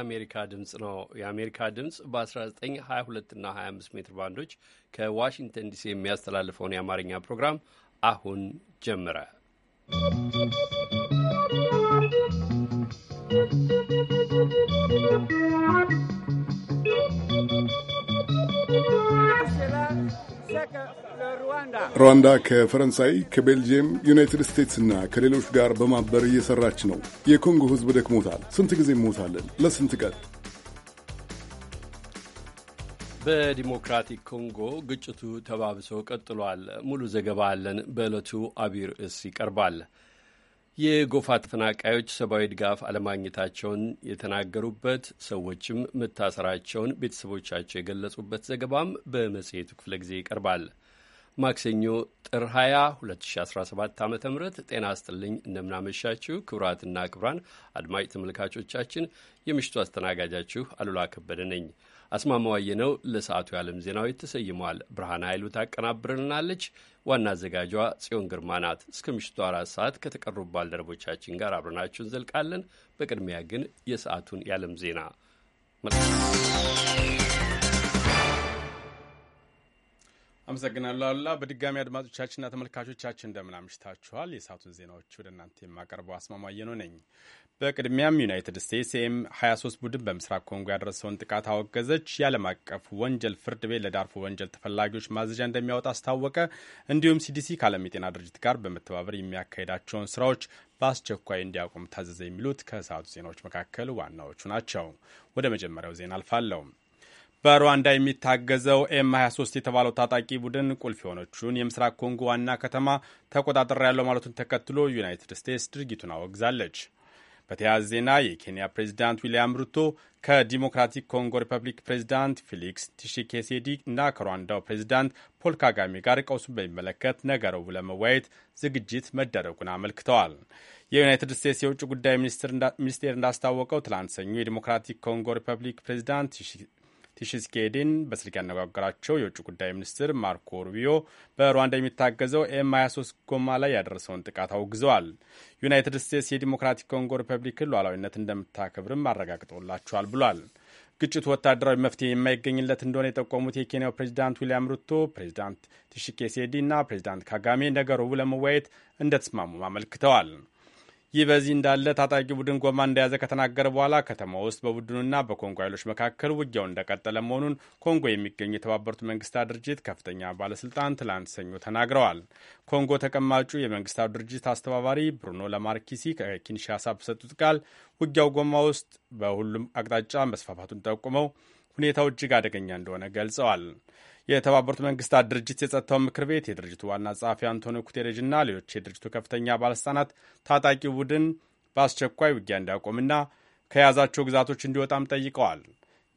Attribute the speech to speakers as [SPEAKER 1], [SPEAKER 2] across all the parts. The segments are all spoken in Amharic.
[SPEAKER 1] የአሜሪካ ድምፅ ነው። የአሜሪካ ድምፅ በ1922 እና 25 ሜትር ባንዶች ከዋሽንግተን ዲሲ የሚያስተላልፈውን የአማርኛ ፕሮግራም አሁን ጀመረ።
[SPEAKER 2] ¶¶
[SPEAKER 3] ሩዋንዳ ከፈረንሳይ ከቤልጅየም፣ ዩናይትድ ስቴትስ እና ከሌሎች ጋር በማበር እየሰራች ነው። የኮንጎ ህዝብ ደክሞታል። ስንት ጊዜ ሞታለን? ለስንት ቀን?
[SPEAKER 1] በዲሞክራቲክ ኮንጎ ግጭቱ ተባብሶ ቀጥሏል። ሙሉ ዘገባ አለን። በዕለቱ አቢይ ርዕስ ይቀርባል። የጎፋ ተፈናቃዮች ሰብአዊ ድጋፍ አለማግኘታቸውን የተናገሩበት ሰዎችም መታሰራቸውን ቤተሰቦቻቸው የገለጹበት ዘገባም በመጽሔቱ ክፍለ ጊዜ ይቀርባል። ማክሰኞ ጥር 20 2017 ዓ ም ጤና ይስጥልኝ። እንደምናመሻችሁ ክቡራትና ክቡራን አድማጭ ተመልካቾቻችን፣ የምሽቱ አስተናጋጃችሁ አሉላ ከበደ ነኝ። አስማማው አየነው ለሰዓቱ የዓለም ዜናዎች ተሰይመዋል። ብርሃን ኃይሉ ታቀናብርልናለች። ዋና አዘጋጇ ጽዮን ግርማ ናት። እስከ ምሽቱ አራት ሰዓት ከተቀሩ ባልደረቦቻችን ጋር አብረናችሁ እንዘልቃለን። በቅድሚያ ግን የሰዓቱን የዓለም ዜና
[SPEAKER 4] አመሰግናለሁ አሉላ። በድጋሚ አድማጮቻችንና ተመልካቾቻችን እንደምን አምሽታችኋል። የሰዓቱን ዜናዎች ወደ እናንተ የማቀርበው አስማማየ ነው ነኝ። በቅድሚያም ዩናይትድ ስቴትስ ኤም 23 ቡድን በምስራቅ ኮንጎ ያደረሰውን ጥቃት አወገዘች። የዓለም አቀፍ ወንጀል ፍርድ ቤት ለዳርፎ ወንጀል ተፈላጊዎች ማዘዣ እንደሚያወጣ አስታወቀ። እንዲሁም ሲዲሲ ከዓለም የጤና ድርጅት ጋር በመተባበር የሚያካሄዳቸውን ስራዎች በአስቸኳይ እንዲያቆም ታዘዘ። የሚሉት ከሰዓቱ ዜናዎች መካከል ዋናዎቹ ናቸው። ወደ መጀመሪያው ዜና አልፋለሁ። በሩዋንዳ የሚታገዘው ኤም 23 የተባለው ታጣቂ ቡድን ቁልፍ የሆነችውን የምስራቅ ኮንጎ ዋና ከተማ ተቆጣጠር ያለው ማለቱን ተከትሎ ዩናይትድ ስቴትስ ድርጊቱን አወግዛለች። በተያያዘ ዜና የኬንያ ፕሬዚዳንት ዊልያም ሩቶ ከዲሞክራቲክ ኮንጎ ሪፐብሊክ ፕሬዚዳንት ፊሊክስ ቲሺኬሴዲ እና ከሩዋንዳው ፕሬዚዳንት ፖል ካጋሜ ጋር ቀውሱን በሚመለከት ነገ ለመወያየት ዝግጅት መደረጉን አመልክተዋል። የዩናይትድ ስቴትስ የውጭ ጉዳይ ሚኒስቴር እንዳስታወቀው ትላንት ሰኞ የዲሞክራቲክ ኮንጎ ሪፐብሊክ ፕሬዚዳንት ቲሽስኬዲን በስልክ ያነጋገራቸው የውጭ ጉዳይ ሚኒስትር ማርኮ ሩቢዮ በሩዋንዳ የሚታገዘው ኤም 23 ጎማ ላይ ያደረሰውን ጥቃት አውግዘዋል። ዩናይትድ ስቴትስ የዲሞክራቲክ ኮንጎ ሪፐብሊክን ሉዓላዊነት እንደምታከብርም አረጋግጦላቸዋል ብሏል። ግጭቱ ወታደራዊ መፍትሄ የማይገኝለት እንደሆነ የጠቆሙት የኬንያው ፕሬዚዳንት ዊልያም ሩቶ ፕሬዚዳንት ቲሺኬሴዲ እና ፕሬዚዳንት ካጋሜ ነገሩ ለመወያየት እንደተስማሙ አመልክተዋል። ይህ በዚህ እንዳለ ታጣቂ ቡድን ጎማ እንደያዘ ከተናገረ በኋላ ከተማ ውስጥ በቡድኑና በኮንጎ ኃይሎች መካከል ውጊያው እንደቀጠለ መሆኑን ኮንጎ የሚገኙ የተባበሩት መንግስታት ድርጅት ከፍተኛ ባለስልጣን ትላንት ሰኞ ተናግረዋል። ኮንጎ ተቀማጩ የመንግስታቱ ድርጅት አስተባባሪ ብሩኖ ለማርኪሲ ከኪንሻሳ በሰጡት ቃል ውጊያው ጎማ ውስጥ በሁሉም አቅጣጫ መስፋፋቱን ጠቁመው ሁኔታው እጅግ አደገኛ እንደሆነ ገልጸዋል። የተባበሩት መንግስታት ድርጅት የጸጥታው ምክር ቤት የድርጅቱ ዋና ጸሐፊ አንቶኒዮ እና ሌሎች የድርጅቱ ከፍተኛ ባለስልጣናት ታጣቂ ቡድን በአስቸኳይ ውጊያ እንዲያቆምና ከያዛቸው ግዛቶች እንዲወጣም ጠይቀዋል።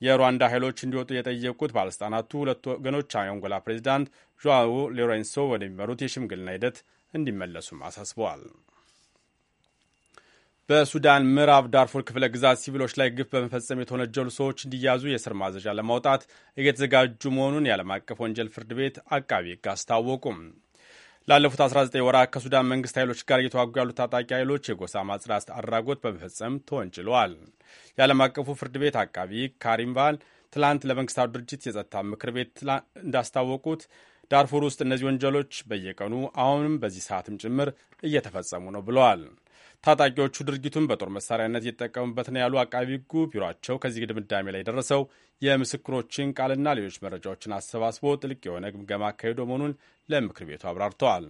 [SPEAKER 4] የሩዋንዳ ኃይሎች እንዲወጡ የጠየቁት ባለስልጣናቱ ሁለቱ ወገኖች የአንጎላ ፕሬዚዳንት ዣዋው ሎሬንሶ ወደሚመሩት የሽምግልና ሂደት እንዲመለሱም አሳስበዋል። በሱዳን ምዕራብ ዳርፉር ክፍለ ግዛት ሲቪሎች ላይ ግፍ በመፈጸም የተወነጀሉ ሰዎች እንዲያዙ የእስር ማዘዣ ለማውጣት እየተዘጋጁ መሆኑን የዓለም አቀፍ ወንጀል ፍርድ ቤት አቃቢ ሕግ አስታወቁም። ላለፉት 19 ወራት ከሱዳን መንግስት ኃይሎች ጋር እየተዋጉ ያሉት ታጣቂ ኃይሎች የጎሳ ማጽዳት አድራጎት በመፈጸም ተወንጅለዋል። የዓለም አቀፉ ፍርድ ቤት አቃቢ ካሪም ባል ትላንት ለመንግስታቱ ድርጅት የጸጥታ ምክር ቤት እንዳስታወቁት ዳርፉር ውስጥ እነዚህ ወንጀሎች በየቀኑ አሁንም በዚህ ሰዓትም ጭምር እየተፈጸሙ ነው ብለዋል። ታጣቂዎቹ ድርጊቱን በጦር መሳሪያነት እየተጠቀሙበት ነው ያሉ አቃቢ ሕጉ ቢሮቸው ከዚህ ድምዳሜ ላይ ደረሰው የምስክሮችን ቃልና ሌሎች መረጃዎችን አሰባስቦ ጥልቅ የሆነ ግምገማ አካሂዶ መሆኑን ለምክር ቤቱ አብራርተዋል።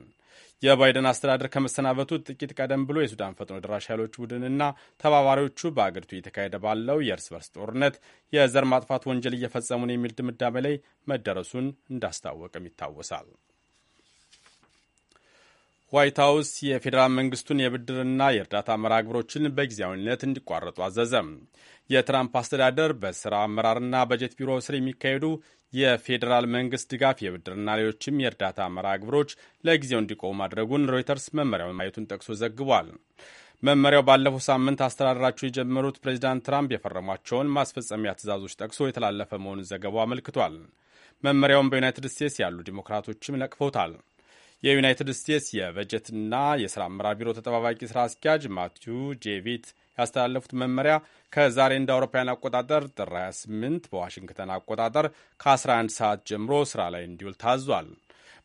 [SPEAKER 4] የባይደን አስተዳደር ከመሰናበቱ ጥቂት ቀደም ብሎ የሱዳን ፈጥኖ ደራሽ ኃይሎች ቡድንና ተባባሪዎቹ በአገሪቱ እየተካሄደ ባለው የእርስ በርስ ጦርነት የዘር ማጥፋት ወንጀል እየፈጸሙ ነው የሚል ድምዳሜ ላይ መደረሱን እንዳስታወቅም ይታወሳል። ዋይት ሀውስ የፌዴራል መንግስቱን የብድርና የእርዳታ መርሃ ግብሮችን በጊዜያዊነት እንዲቋረጡ አዘዘ። የትራምፕ አስተዳደር በስራ አመራርና በጀት ቢሮ ስር የሚካሄዱ የፌዴራል መንግስት ድጋፍ የብድርና ሌሎችም የእርዳታ መርሃ ግብሮች ለጊዜው እንዲቆሙ ማድረጉን ሮይተርስ መመሪያውን ማየቱን ጠቅሶ ዘግቧል። መመሪያው ባለፈው ሳምንት አስተዳደራቸው የጀመሩት ፕሬዚዳንት ትራምፕ የፈረሟቸውን ማስፈጸሚያ ትዕዛዞች ጠቅሶ የተላለፈ መሆኑን ዘገባው አመልክቷል። መመሪያውን በዩናይትድ ስቴትስ ያሉ ዲሞክራቶችም ነቅፈውታል። የዩናይትድ ስቴትስ የበጀትና የስራ አመራር ቢሮ ተጠባባቂ ስራ አስኪያጅ ማቲዩ ጄቪት ያስተላለፉት መመሪያ ከዛሬ እንደ አውሮፓውያን አቆጣጠር ጥር 28 በዋሽንግተን አቆጣጠር ከ11 ሰዓት ጀምሮ ስራ ላይ እንዲውል ታዟል።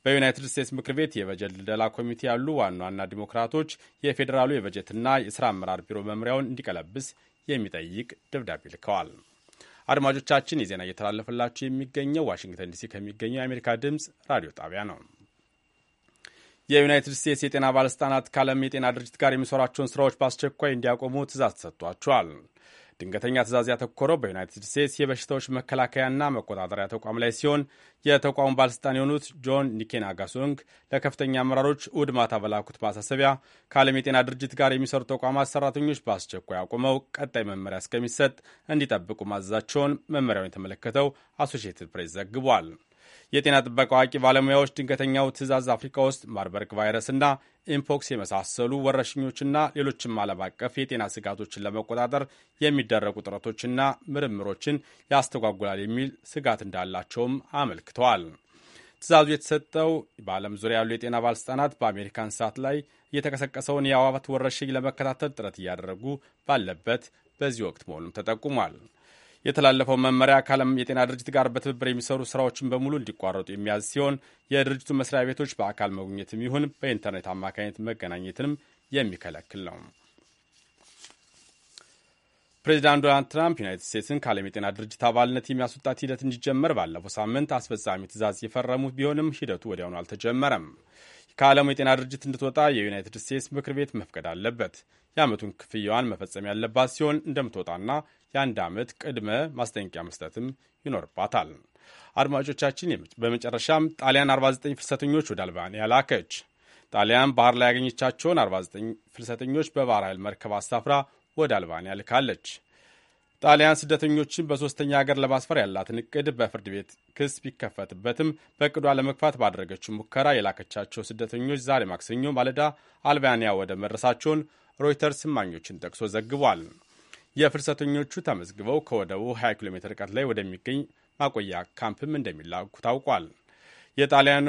[SPEAKER 4] በዩናይትድ ስቴትስ ምክር ቤት የበጀት ልደላ ኮሚቴ ያሉ ዋና ዋና ዲሞክራቶች የፌዴራሉ የበጀትና የስራ አመራር ቢሮ መመሪያውን እንዲቀለብስ የሚጠይቅ ደብዳቤ ልከዋል። አድማጮቻችን፣ የዜና እየተላለፈላችሁ የሚገኘው ዋሽንግተን ዲሲ ከሚገኘው የአሜሪካ ድምፅ ራዲዮ ጣቢያ ነው። የዩናይትድ ስቴትስ የጤና ባለሥልጣናት ከዓለም የጤና ድርጅት ጋር የሚሰሯቸውን ሥራዎች በአስቸኳይ እንዲያቆሙ ትእዛዝ ተሰጥቷቸዋል። ድንገተኛ ትእዛዝ ያተኮረው በዩናይትድ ስቴትስ የበሽታዎች መከላከያና መቆጣጠሪያ ተቋም ላይ ሲሆን የተቋሙ ባለሥልጣን የሆኑት ጆን ኒኬናጋሱንግ ለከፍተኛ አመራሮች እሁድ ማታ በላኩት ማሳሰቢያ ከዓለም የጤና ድርጅት ጋር የሚሰሩ ተቋማት ሠራተኞች በአስቸኳይ አቁመው ቀጣይ መመሪያ እስከሚሰጥ እንዲጠብቁ ማዘዛቸውን መመሪያውን የተመለከተው አሶሺየትድ ፕሬስ ዘግቧል። የጤና ጥበቃ አዋቂ ባለሙያዎች ድንገተኛው ትእዛዝ አፍሪካ ውስጥ ማርበርግ ቫይረስና ኢምፖክስ የመሳሰሉ ወረርሽኞችና ሌሎችም ዓለም አቀፍ የጤና ስጋቶችን ለመቆጣጠር የሚደረጉ ጥረቶችና ምርምሮችን ያስተጓጉላል የሚል ስጋት እንዳላቸውም አመልክተዋል። ትእዛዙ የተሰጠው በዓለም ዙሪያ ያሉ የጤና ባለሥልጣናት በአሜሪካ እንስሳት ላይ እየተቀሰቀሰውን የአዋባት ወረርሽኝ ለመከታተል ጥረት እያደረጉ ባለበት በዚህ ወቅት መሆኑም ተጠቁሟል። የተላለፈው መመሪያ ከዓለም የጤና ድርጅት ጋር በትብብር የሚሰሩ ስራዎችን በሙሉ እንዲቋረጡ የሚያዝ ሲሆን የድርጅቱ መስሪያ ቤቶች በአካል መጉኘትም ይሁን በኢንተርኔት አማካኝነት መገናኘትንም የሚከለክል ነው። ፕሬዚዳንት ዶናልድ ትራምፕ ዩናይትድ ስቴትስን ከዓለም የጤና ድርጅት አባልነት የሚያስወጣት ሂደት እንዲጀመር ባለፈው ሳምንት አስፈጻሚ ትዕዛዝ የፈረሙት ቢሆንም ሂደቱ ወዲያውኑ አልተጀመረም። ከዓለሙ የጤና ድርጅት እንድትወጣ የዩናይትድ ስቴትስ ምክር ቤት መፍቀድ አለበት። የዓመቱን ክፍያዋን መፈጸም ያለባት ሲሆን እንደምትወጣና የአንድ ዓመት ቅድመ ማስጠንቀቂያ መስጠትም ይኖርባታል። አድማጮቻችን፣ በመጨረሻም ጣሊያን 49 ፍልሰተኞች ወደ አልባንያ ላከች። ጣሊያን ባህር ላይ ያገኘቻቸውን 49 ፍልሰተኞች በባህር ኃይል መርከብ አሳፍራ ወደ አልባንያ ልካለች። ጣሊያን ስደተኞችን በሶስተኛ ሀገር ለማስፈር ያላትን እቅድ በፍርድ ቤት ክስ ቢከፈትበትም በእቅዷ ለመግፋት ባደረገችው ሙከራ የላከቻቸው ስደተኞች ዛሬ ማክሰኞ ማለዳ አልባንያ ወደ መድረሳቸውን ሮይተርስ እማኞችን ጠቅሶ ዘግቧል። የፍልሰተኞቹ ተመዝግበው ከወደቡ 20 ኪሎ ሜትር ርቀት ላይ ወደሚገኝ ማቆያ ካምፕም እንደሚላኩ ታውቋል። የጣሊያኗ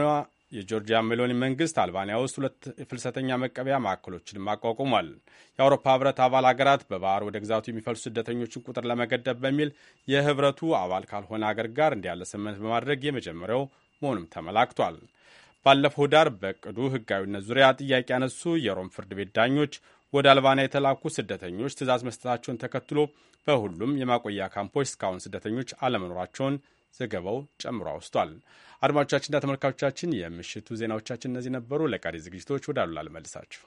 [SPEAKER 4] የጆርጂያ ሜሎኒ መንግስት አልባንያ ውስጥ ሁለት ፍልሰተኛ መቀበያ ማዕከሎችንም አቋቁሟል። የአውሮፓ ህብረት አባል ሀገራት በባህር ወደ ግዛቱ የሚፈልሱ ስደተኞችን ቁጥር ለመገደብ በሚል የህብረቱ አባል ካልሆነ አገር ጋር እንዲያለ ስምምነት በማድረግ የመጀመሪያው መሆኑም ተመላክቷል። ባለፈው ዳር በቅዱ ህጋዊነት ዙሪያ ጥያቄ ያነሱ የሮም ፍርድ ቤት ዳኞች ወደ አልባንያ የተላኩ ስደተኞች ትዕዛዝ መስጠታቸውን ተከትሎ በሁሉም የማቆያ ካምፖች እስካሁን ስደተኞች አለመኖራቸውን ዘገባው ጨምሮ አውስቷል። አድማጮቻችንና ተመልካቾቻችን የምሽቱ ዜናዎቻችን እነዚህ ነበሩ። ለቀሪ ዝግጅቶች ወደ አሉላ ልመልሳችሁ።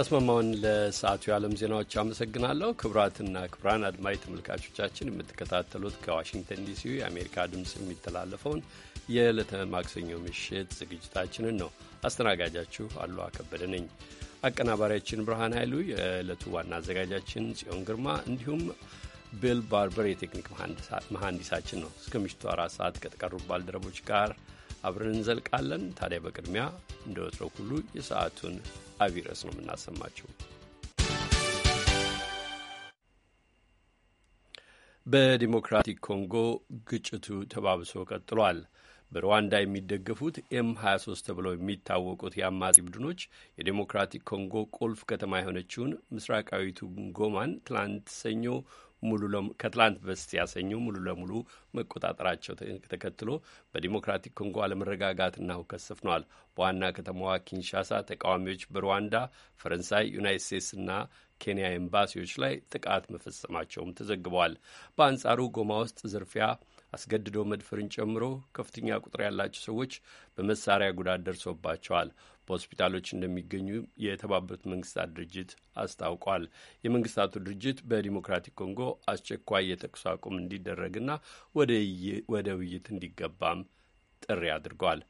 [SPEAKER 1] አስማማውን ለሰዓቱ የዓለም ዜናዎች አመሰግናለሁ። ክቡራትና ክቡራን አድማጭ ተመልካቾቻችን የምትከታተሉት ከዋሽንግተን ዲሲ የአሜሪካ ድምፅ የሚተላለፈውን የዕለተ ማክሰኞ ምሽት ዝግጅታችንን ነው። አስተናጋጃችሁ አሉ አከበደ ነኝ። አቀናባሪያችን ብርሃን ኃይሉ፣ የዕለቱ ዋና አዘጋጃችን ጽዮን ግርማ እንዲሁም ቢል ባርበር የቴክኒክ መሐንዲሳችን ነው። እስከ ምሽቱ አራት ሰዓት ከተቀሩ ባልደረቦች ጋር አብረን እንዘልቃለን። ታዲያ በቅድሚያ እንደ ሁሉ የሰዓቱን አቪረስ ርዕስ ነው የምናሰማቸው። በዲሞክራቲክ ኮንጎ ግጭቱ ተባብሶ ቀጥሏል። በሩዋንዳ የሚደገፉት ኤም 23 ተብለው የሚታወቁት የአማጺ ቡድኖች የዴሞክራቲክ ኮንጎ ቁልፍ ከተማ የሆነችውን ምስራቃዊቱ ጎማን ትላንት ሰኞ ሙሉ ከትላንት በስቲያ ሰኞ ሙሉ ለሙሉ መቆጣጠራቸው ተከትሎ በዲሞክራቲክ ኮንጎ አለመረጋጋትና ሁከት ሰፍኗል። በዋና ከተማዋ ኪንሻሳ ተቃዋሚዎች በሩዋንዳ፣ ፈረንሳይ፣ ዩናይት ስቴትስና ኬንያ ኤምባሲዎች ላይ ጥቃት መፈጸማቸውም ተዘግበዋል። በአንጻሩ ጎማ ውስጥ ዝርፊያ አስገድዶ መድፈርን ጨምሮ ከፍተኛ ቁጥር ያላቸው ሰዎች በመሳሪያ ጉዳት ደርሶባቸዋል። በሆስፒታሎች እንደሚገኙ የተባበሩት መንግስታት ድርጅት አስታውቋል። የመንግስታቱ ድርጅት በዲሞክራቲክ ኮንጎ አስቸኳይ የተኩስ አቁም እንዲደረግና ወደ ውይይት እንዲገባም ጥሪ አድርጓል።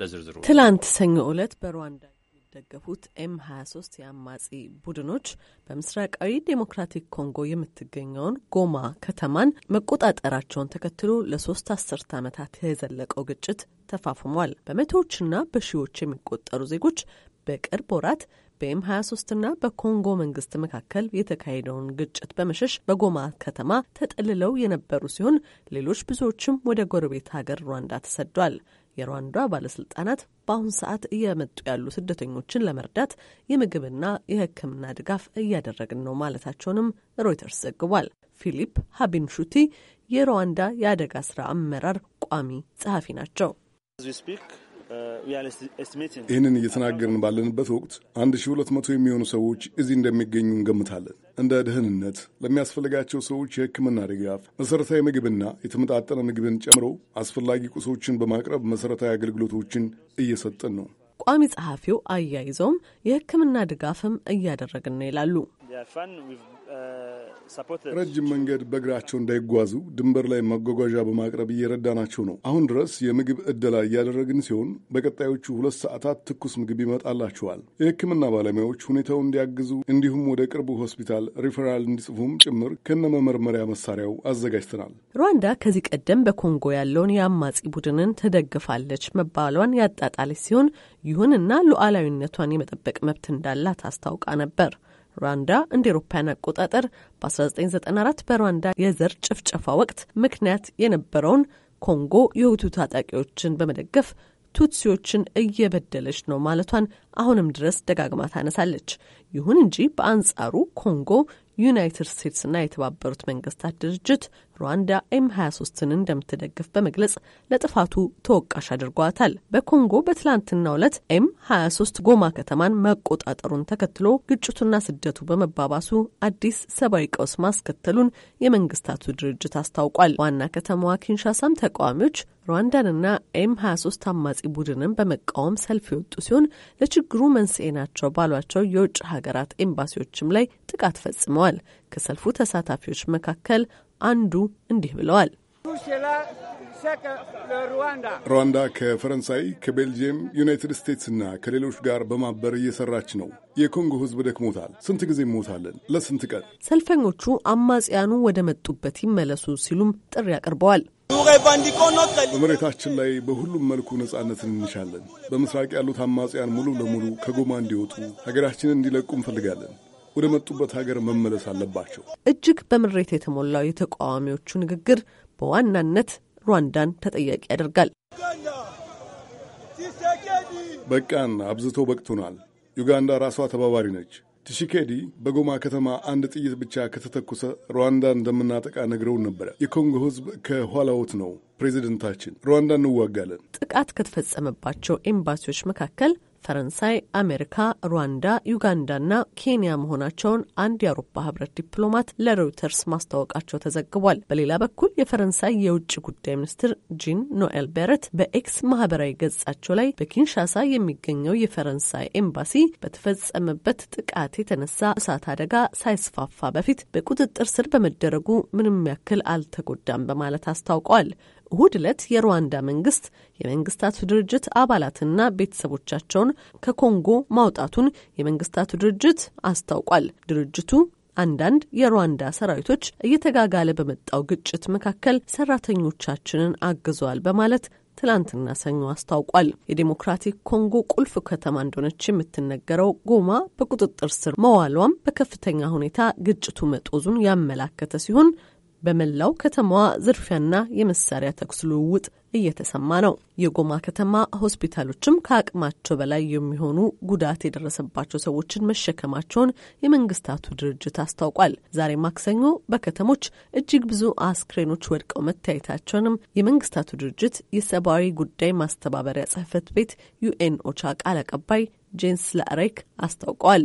[SPEAKER 1] ለዝርዝሩ ትላንት ሰኞ
[SPEAKER 5] ዕለት በሩዋንዳ የሚደገፉት ኤም 23 የአማጺ ቡድኖች በምስራቃዊ ዴሞክራቲክ ኮንጎ የምትገኘውን ጎማ ከተማን መቆጣጠራቸውን ተከትሎ ለሶስት አስርት ዓመታት የዘለቀው ግጭት ተፋፍሟል። በመቶዎችና በሺዎች የሚቆጠሩ ዜጎች በቅርብ ወራት በኤም 23ና በኮንጎ መንግስት መካከል የተካሄደውን ግጭት በመሸሽ በጎማ ከተማ ተጠልለው የነበሩ ሲሆን ሌሎች ብዙዎችም ወደ ጎረቤት ሀገር ሩዋንዳ ተሰዷል። የሩዋንዳ ባለስልጣናት በአሁን ሰዓት እየመጡ ያሉ ስደተኞችን ለመርዳት የምግብና የሕክምና ድጋፍ እያደረግን ነው ማለታቸውንም ሮይተርስ ዘግቧል። ፊሊፕ ሀቢንሹቲ የሩዋንዳ የአደጋ ስራ አመራር ቋሚ ጸሐፊ ናቸው።
[SPEAKER 3] ይህንን እየተናገርን ባለንበት ወቅት 1200 የሚሆኑ ሰዎች እዚህ እንደሚገኙ እንገምታለን። እንደ ደህንነት ለሚያስፈልጋቸው ሰዎች የሕክምና ድጋፍ፣ መሠረታዊ ምግብና የተመጣጠነ ምግብን ጨምሮ አስፈላጊ ቁሶችን በማቅረብ መሠረታዊ አገልግሎቶችን እየሰጠን ነው።
[SPEAKER 5] ቋሚ ጸሐፊው አያይዘውም የሕክምና ድጋፍም እያደረግን ነው ይላሉ።
[SPEAKER 3] Uh, ረጅም መንገድ በእግራቸው እንዳይጓዙ ድንበር ላይ መጓጓዣ በማቅረብ እየረዳናቸው ነው። አሁን ድረስ የምግብ እደላ እያደረግን ሲሆን በቀጣዮቹ ሁለት ሰዓታት ትኩስ ምግብ ይመጣላቸዋል። የሕክምና ባለሙያዎች ሁኔታውን እንዲያግዙ እንዲሁም ወደ ቅርቡ ሆስፒታል ሪፈራል እንዲጽፉም ጭምር ከነመመርመሪያ መሳሪያው አዘጋጅተናል። ሩዋንዳ
[SPEAKER 5] ከዚህ ቀደም በኮንጎ ያለውን የአማጺ ቡድንን ትደግፋለች መባሏን ያጣጣለች ሲሆን ይሁንና ሉዓላዊነቷን የመጠበቅ መብት እንዳላት አስታውቃ ነበር። ሩዋንዳ እንደ ኤሮፓያን አቆጣጠር በ1994 በሩዋንዳ የዘር ጭፍጨፋ ወቅት ምክንያት የነበረውን ኮንጎ የሁቱ ታጣቂዎችን በመደገፍ ቱትሲዎችን እየበደለች ነው ማለቷን አሁንም ድረስ ደጋግማ ታነሳለች። ይሁን እንጂ በአንጻሩ ኮንጎ ዩናይትድ ስቴትስና የተባበሩት መንግስታት ድርጅት ሩዋንዳ ኤም 23ን እንደምትደግፍ በመግለጽ ለጥፋቱ ተወቃሽ አድርጓታል። በኮንጎ በትላንትና ዕለት ኤም 23 ጎማ ከተማን መቆጣጠሩን ተከትሎ ግጭቱና ስደቱ በመባባሱ አዲስ ሰብአዊ ቀውስ ማስከተሉን የመንግስታቱ ድርጅት አስታውቋል። ዋና ከተማዋ ኪንሻሳም ተቃዋሚዎች ሩዋንዳንና ኤም 23 አማጺ ቡድንን በመቃወም ሰልፍ የወጡ ሲሆን ለችግሩ መንስኤ ናቸው ባሏቸው የውጭ ሀገራት ኤምባሲዎችም ላይ ጥቃት ፈጽመዋል። ከሰልፉ ተሳታፊዎች መካከል አንዱ እንዲህ ብለዋል።
[SPEAKER 3] ሩዋንዳ ከፈረንሳይ ከቤልጅየም፣ ዩናይትድ ስቴትስ እና ከሌሎች ጋር በማበር እየሰራች ነው። የኮንጎ ሕዝብ ደክሞታል። ስንት ጊዜ ሞታለን? ለስንት ቀን?
[SPEAKER 5] ሰልፈኞቹ አማጽያኑ ወደ መጡበት ይመለሱ ሲሉም ጥሪ
[SPEAKER 3] አቅርበዋል። በመሬታችን ላይ በሁሉም መልኩ ነጻነትን እንሻለን። በምስራቅ ያሉት አማጽያን ሙሉ ለሙሉ ከጎማ እንዲወጡ፣ ሀገራችንን እንዲለቁ እንፈልጋለን። ወደ መጡበት ሀገር መመለስ አለባቸው።
[SPEAKER 5] እጅግ በምሬት የተሞላው የተቃዋሚዎቹ ንግግር በዋናነት ሩዋንዳን ተጠያቂ ያደርጋል።
[SPEAKER 3] በቃን፣ አብዝቶ በቅቶናል። ዩጋንዳ ራሷ ተባባሪ ነች። ቲሺኬዲ በጎማ ከተማ አንድ ጥይት ብቻ ከተተኮሰ ሩዋንዳ እንደምናጠቃ ነግረውን ነበረ። የኮንጎ ሕዝብ ከኋላዎት ነው። ፕሬዚደንታችን ሩዋንዳ እንዋጋለን።
[SPEAKER 5] ጥቃት ከተፈጸመባቸው ኤምባሲዎች መካከል ፈረንሳይ፣ አሜሪካ፣ ሩዋንዳ፣ ዩጋንዳና ኬንያ መሆናቸውን አንድ የአውሮፓ ህብረት ዲፕሎማት ለሮይተርስ ማስታወቃቸው ተዘግቧል። በሌላ በኩል የፈረንሳይ የውጭ ጉዳይ ሚኒስትር ጂን ኖኤል በረት በኤክስ ማህበራዊ ገጻቸው ላይ በኪንሻሳ የሚገኘው የፈረንሳይ ኤምባሲ በተፈጸመበት ጥቃት የተነሳ እሳት አደጋ ሳይስፋፋ በፊት በቁጥጥር ስር በመደረጉ ምንም ያክል አልተጎዳም በማለት አስታውቀዋል። እሁድ ዕለት የሩዋንዳ መንግስት የመንግስታቱ ድርጅት አባላትና ቤተሰቦቻቸውን ከኮንጎ ማውጣቱን የመንግስታቱ ድርጅት አስታውቋል። ድርጅቱ አንዳንድ የሩዋንዳ ሰራዊቶች እየተጋጋለ በመጣው ግጭት መካከል ሰራተኞቻችንን አግዘዋል በማለት ትላንትና ሰኞ አስታውቋል። የዴሞክራቲክ ኮንጎ ቁልፍ ከተማ እንደሆነች የምትነገረው ጎማ በቁጥጥር ስር መዋሏም በከፍተኛ ሁኔታ ግጭቱ መጦዙን ያመላከተ ሲሆን በመላው ከተማዋ ዝርፊያና የመሳሪያ ተኩስ ልውውጥ እየተሰማ ነው። የጎማ ከተማ ሆስፒታሎችም ከአቅማቸው በላይ የሚሆኑ ጉዳት የደረሰባቸው ሰዎችን መሸከማቸውን የመንግስታቱ ድርጅት አስታውቋል። ዛሬ ማክሰኞ በከተሞች እጅግ ብዙ አስክሬኖች ወድቀው መታየታቸውንም የመንግስታቱ ድርጅት የሰብአዊ ጉዳይ ማስተባበሪያ ጽህፈት ቤት ዩኤን ኦቻ ቃል አቀባይ ጄንስ ላሬክ አስታውቀዋል።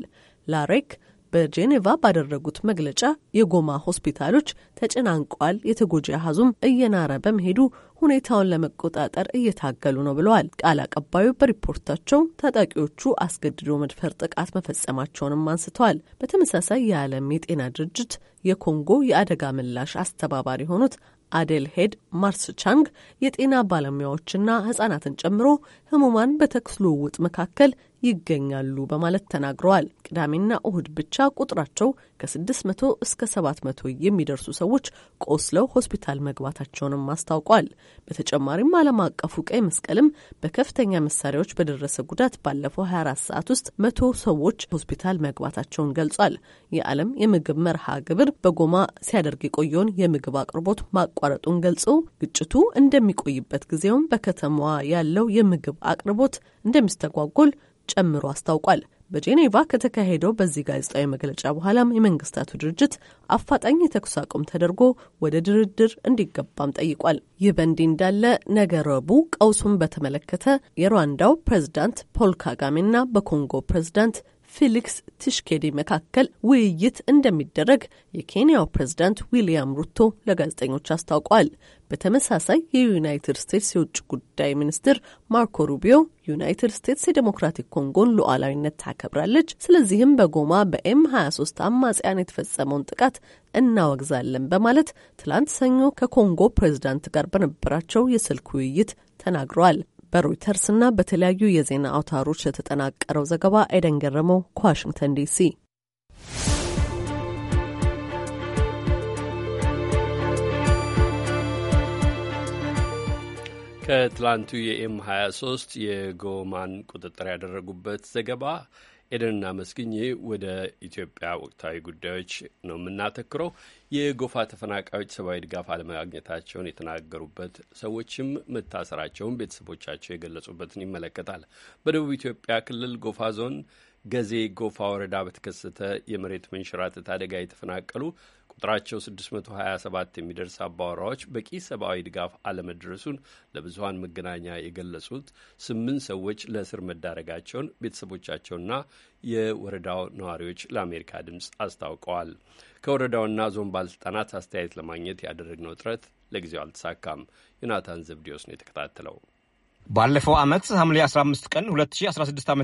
[SPEAKER 5] ላሬክ በጄኔቫ ባደረጉት መግለጫ የጎማ ሆስፒታሎች ተጨናንቋል፣ የተጎጂ አሃዙም እየናረ በመሄዱ ሁኔታውን ለመቆጣጠር እየታገሉ ነው ብለዋል። ቃል አቀባዩ በሪፖርታቸው ታጣቂዎቹ አስገድዶ መድፈር ጥቃት መፈጸማቸውንም አንስተዋል። በተመሳሳይ የዓለም የጤና ድርጅት የኮንጎ የአደጋ ምላሽ አስተባባሪ የሆኑት አዴል ሄድ ማርስ ቻንግ የጤና ባለሙያዎችና ህጻናትን ጨምሮ ህሙማን በተኩስ ልውውጥ መካከል ይገኛሉ በማለት ተናግረዋል። ቅዳሜና እሁድ ብቻ ቁጥራቸው ከ600 እስከ 700 የሚደርሱ ሰዎች ቆስለው ሆስፒታል መግባታቸውንም አስታውቋል። በተጨማሪም ዓለም አቀፉ ቀይ መስቀልም በከፍተኛ መሳሪያዎች በደረሰ ጉዳት ባለፈው 24 ሰዓት ውስጥ መቶ ሰዎች ሆስፒታል መግባታቸውን ገልጿል። የዓለም የምግብ መርሃ ግብር በጎማ ሲያደርግ የቆየውን የምግብ አቅርቦት ማቋረጡን ገልጾ ግጭቱ እንደሚቆይበት ጊዜውም በከተማዋ ያለው የምግብ አቅርቦት እንደሚስተጓጎል ጨምሮ አስታውቋል። በጄኔቫ ከተካሄደው በዚህ ጋዜጣዊ መግለጫ በኋላም የመንግስታቱ ድርጅት አፋጣኝ የተኩስ አቁም ተደርጎ ወደ ድርድር እንዲገባም ጠይቋል። ይህ በእንዲህ እንዳለ ነገ ረቡዕ ቀውሱን በተመለከተ የሩዋንዳው ፕሬዝዳንት ፖል ካጋሜና በኮንጎ ፕሬዝዳንት ፊሊክስ ቲሽኬዲ መካከል ውይይት እንደሚደረግ የኬንያው ፕሬዝዳንት ዊልያም ሩቶ ለጋዜጠኞች አስታውቋል። በተመሳሳይ የዩናይትድ ስቴትስ የውጭ ጉዳይ ሚኒስትር ማርኮ ሩቢዮ ዩናይትድ ስቴትስ የዴሞክራቲክ ኮንጎን ሉዓላዊነት ታከብራለች፣ ስለዚህም በጎማ በኤም 23 አማጽያን የተፈጸመውን ጥቃት እናወግዛለን በማለት ትላንት ሰኞ ከኮንጎ ፕሬዝዳንት ጋር በነበራቸው የስልክ ውይይት ተናግረዋል። በሮይተርስ እና በተለያዩ የዜና አውታሮች የተጠናቀረው ዘገባ ኤደን ገረመው ከዋሽንግተን ዲሲ።
[SPEAKER 1] ከትላንቱ የኤም 23 የጎማን ቁጥጥር ያደረጉበት ዘገባ ኤደንና መስግኝ ወደ ኢትዮጵያ ወቅታዊ ጉዳዮች ነው የምናተክረው የጎፋ ተፈናቃዮች ሰብአዊ ድጋፍ አለማግኘታቸውን የተናገሩበት ሰዎችም መታሰራቸውን ቤተሰቦቻቸው የገለጹበትን ይመለከታል። በደቡብ ኢትዮጵያ ክልል ጎፋ ዞን ገዜ ጎፋ ወረዳ በተከሰተ የመሬት መንሸራተት አደጋ የተፈናቀሉ ቁጥራቸው 627 የሚደርስ አባወራዎች በቂ ሰብአዊ ድጋፍ አለመድረሱን ለብዙሀን መገናኛ የገለጹት ስምንት ሰዎች ለእስር መዳረጋቸውን ቤተሰቦቻቸውና የወረዳው ነዋሪዎች ለአሜሪካ ድምፅ አስታውቀዋል። ከወረዳውና ዞን ባለስልጣናት አስተያየት ለማግኘት ያደረግነው ጥረት ለጊዜው
[SPEAKER 6] አልተሳካም። ዮናታን ዘብዲዮስ ነው የተከታተለው። ባለፈው ዓመት ሐምሌ 15 ቀን 2016 ዓ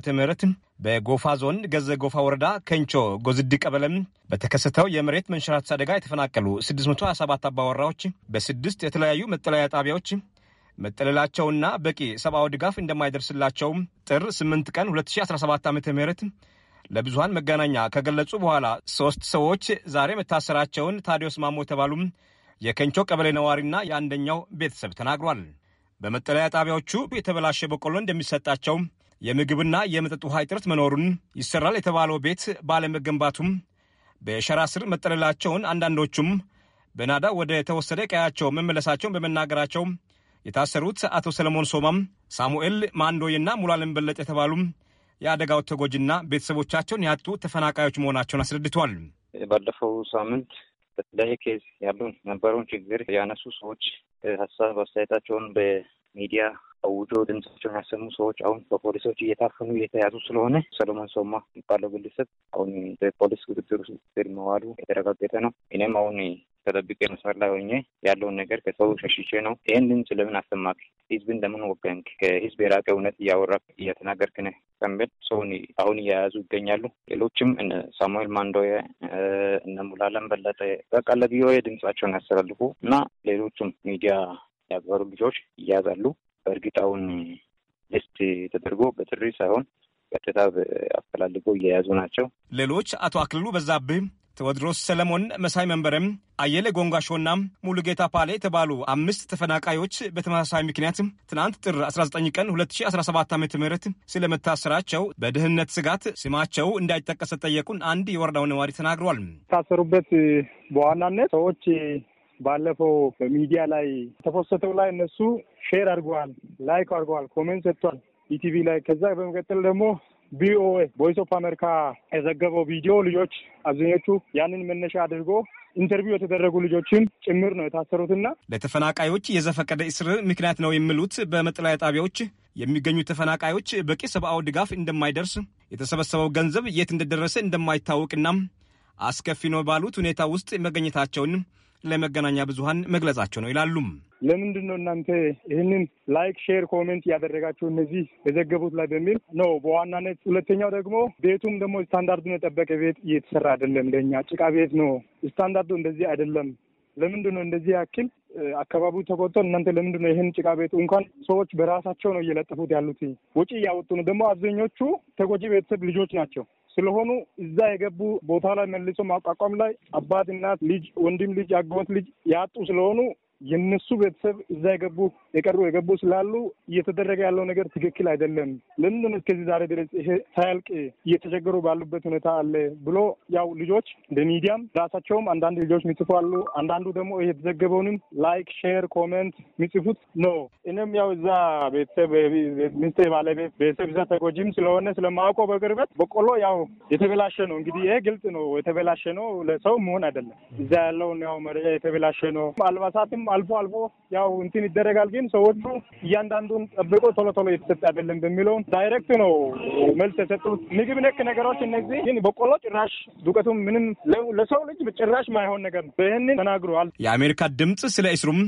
[SPEAKER 6] ም በጎፋ ዞን ገዘ ጎፋ ወረዳ ከንቾ ጎዝዲ ቀበለም በተከሰተው የመሬት መንሸራተት አደጋ የተፈናቀሉ 627 አባወራዎች በስድስት የተለያዩ መጠለያ ጣቢያዎች መጠለላቸውና በቂ ሰብአዊ ድጋፍ እንደማይደርስላቸው ጥር 8 ቀን 2017 ዓ ም ለብዙሃን መገናኛ ከገለጹ በኋላ ሦስት ሰዎች ዛሬ መታሰራቸውን ታዲዮስ ማሞ የተባሉም የከንቾ ቀበሌ ነዋሪና የአንደኛው ቤተሰብ ተናግሯል። በመጠለያ ጣቢያዎቹ የተበላሸ በቆሎ እንደሚሰጣቸው የምግብና የመጠጥ ውሃ እጥረት መኖሩን ይሰራል የተባለው ቤት ባለመገንባቱም በሸራ ስር መጠለላቸውን አንዳንዶቹም በናዳ ወደ ተወሰደ ቀያቸው መመለሳቸውን በመናገራቸው የታሰሩት አቶ ሰለሞን ሶማም፣ ሳሙኤል ማንዶይና ሙላለም በለጥ የተባሉ የአደጋው ተጎጂና ቤተሰቦቻቸውን ያጡ ተፈናቃዮች መሆናቸውን አስረድቷል። ባለፈው ሳምንት አለበት። ለይህ ኬዝ ነበረውን ችግር ያነሱ ሰዎች ሀሳብ አስተያየታቸውን በሚዲያ አውጆ ድምጻቸውን ያሰሙ ሰዎች አሁን በፖሊሶች እየታፈኑ እየተያዙ ስለሆነ ሰሎሞን ሶማ የሚባለው ግለሰብ አሁን በፖሊስ ቁጥጥር ስር መዋሉ የተረጋገጠ ነው። እኔም አሁን ተጠብቀ መስመር ላይ ሆኜ ያለውን ነገር ከሰው ሸሽቼ ነው። ይህን ድምፅ ለምን አሰማክ? ህዝብን ለምን ወገንክ? ከህዝብ የራቀ እውነት እያወራ እየተናገርክ ነህ ከሚል ሰውን አሁን እያያዙ ይገኛሉ። ሌሎችም እነ ሳሙኤል ማንዶየ፣ እነ ሙላለም በለጠ በቃ ለቪኦኤ ድምጻቸውን ያስተላልፉ እና ሌሎችም ሚዲያ ያገሩ ልጆች ይያዛሉ። በእርግጥ አሁን ሊስት ተደርጎ በጥሪ ሳይሆን ቀጥታ አፈላልገው እየያዙ ናቸው። ሌሎች አቶ አክልሉ በዛብህ ቴዎድሮስ ሰለሞን መሳይ መንበረም፣ አየለ ጎንጓሾና ሙሉጌታ ፓሌ የተባሉ አምስት ተፈናቃዮች በተመሳሳይ ምክንያት ትናንት ጥር 19 ቀን 2017 ዓ ም ስለመታሰራቸው በደህንነት ስጋት ስማቸው እንዳይጠቀስ ጠየቁን አንድ የወረዳው ነዋሪ ተናግሯል።
[SPEAKER 7] ታሰሩበት በዋናነት ሰዎች ባለፈው በሚዲያ ላይ ተፖስተው ላይ እነሱ ሼር አድርገዋል፣ ላይክ አድርገዋል፣ ኮሜንት ሰጥቷል ኢቲቪ ላይ ከዛ በመቀጠል ደግሞ ቪኦኤ ቮይስ ኦፍ አሜሪካ የዘገበው ቪዲዮ ልጆች አብዛኞቹ ያንን መነሻ አድርጎ ኢንተርቪው የተደረጉ ልጆችን ጭምር ነው የታሰሩትና
[SPEAKER 6] ለተፈናቃዮች የዘፈቀደ እስር ምክንያት ነው የሚሉት በመጠለያ ጣቢያዎች የሚገኙ ተፈናቃዮች በቂ ሰብአዊ ድጋፍ እንደማይደርስ የተሰበሰበው ገንዘብ የት እንደደረሰ እንደማይታወቅና አስከፊ ነው ባሉት ሁኔታ ውስጥ መገኘታቸውን ለመገናኛ ብዙሃን መግለጻቸው ነው ይላሉም።
[SPEAKER 7] ለምንድን ነው እናንተ ይህንን ላይክ፣ ሼር፣ ኮሜንት ያደረጋችሁ እነዚህ የዘገቡት ላይ በሚል ነው በዋናነት። ሁለተኛው ደግሞ ቤቱም ደግሞ ስታንዳርዱን የጠበቀ ቤት እየተሰራ አይደለም። ለእኛ ጭቃ ቤት ነው። ስታንዳርዱ እንደዚህ አይደለም። ለምንድን ነው እንደዚህ ያክል አካባቢው ተቆጥቶ እናንተ ለምንድን ነው ይህን ጭቃ ቤቱ እንኳን ሰዎች በራሳቸው ነው እየለጠፉት ያሉት፣ ውጪ እያወጡ ነው። ደግሞ አብዛኞቹ ተጎጂ ቤተሰብ ልጆች ናቸው ስለሆኑ እዛ የገቡ ቦታ ላይ መልሶ ማቋቋም ላይ አባት፣ እናት፣ ልጅ፣ ወንድም ልጅ፣ አጎት ልጅ ያጡ ስለሆኑ የነሱ ቤተሰብ እዛ የገቡ የቀሩ የገቡ ስላሉ እየተደረገ ያለው ነገር ትክክል አይደለም። ለምን እስከዚህ ዛሬ ድረስ ይሄ ሳያልቅ እየተቸገሩ ባሉበት ሁኔታ አለ ብሎ ያው ልጆች በሚዲያም ራሳቸውም አንዳንድ ልጆች ሚጽፉ አሉ። አንዳንዱ ደግሞ የተዘገበውንም ላይክ፣ ሼር፣ ኮሜንት ሚጽፉት ነው። እኔም ያው እዛ ቤተሰብ ሚኒስቴር ባለቤት ቤተሰብ እዛ ተጎጂም ስለሆነ ስለማውቀው በቅርበት በቆሎ ያው የተበላሸ ነው። እንግዲህ ይሄ ግልጽ ነው፣ የተበላሸ ነው። ለሰው መሆን አይደለም። እዛ ያለውን ያው መረጃ የተበላሸ ነው። አልባሳትም አልፎ አልፎ ያው እንትን ይደረጋል። ግን ሰዎቹ እያንዳንዱን ጠብቆ ቶሎ ቶሎ የተሰጠ አይደለም በሚለውን ዳይሬክት ነው መልስ የሰጡት። ምግብ ነክ ነገሮች እነዚህ ግን በቆሎ ጭራሽ ዱቀቱም ምንም ለሰው ልጅ ጭራሽ ማይሆን ነገር ነው። ይህንን ተናግረዋል።
[SPEAKER 6] የአሜሪካ ድምፅ ስለ እስሩም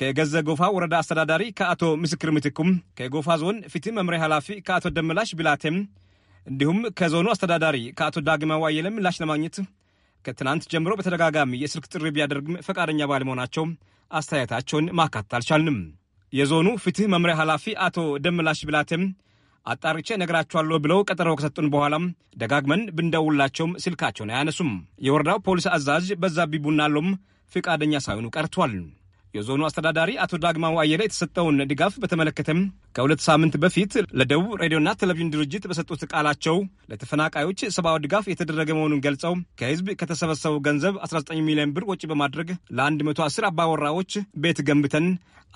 [SPEAKER 6] ከገዘ ጎፋ ወረዳ አስተዳዳሪ ከአቶ ምስክር ምትኩም ከጎፋ ዞን ፍትህ መምሪያ ኃላፊ ከአቶ ደመላሽ ብላቴም እንዲሁም ከዞኑ አስተዳዳሪ ከአቶ ዳግማዊ አየለ ምላሽ ለማግኘት ከትናንት ጀምሮ በተደጋጋሚ የስልክ ጥሪ ቢያደርግም ፈቃደኛ ባለመሆናቸው አስተያየታቸውን ማካት አልቻልንም። የዞኑ ፍትህ መምሪያ ኃላፊ አቶ ደምላሽ ብላቴም አጣርቼ እነግራቸዋለሁ ብለው ቀጠሮ ከሰጡን በኋላም ደጋግመን ብንደውላቸውም ስልካቸውን አያነሱም። የወረዳው ፖሊስ አዛዥ በዛቢ ቡናሎም ፍቃደኛ ሳይሆኑ ቀርቷል። የዞኑ አስተዳዳሪ አቶ ዳግማው አየለ የተሰጠውን ድጋፍ በተመለከተም ከሁለት ሳምንት በፊት ለደቡብ ሬዲዮና ቴሌቪዥን ድርጅት በሰጡት ቃላቸው ለተፈናቃዮች ሰብአዊ ድጋፍ የተደረገ መሆኑን ገልጸው ከህዝብ ከተሰበሰበው ገንዘብ 19 ሚሊዮን ብር ወጪ በማድረግ ለ110 አባወራዎች ቤት ገንብተን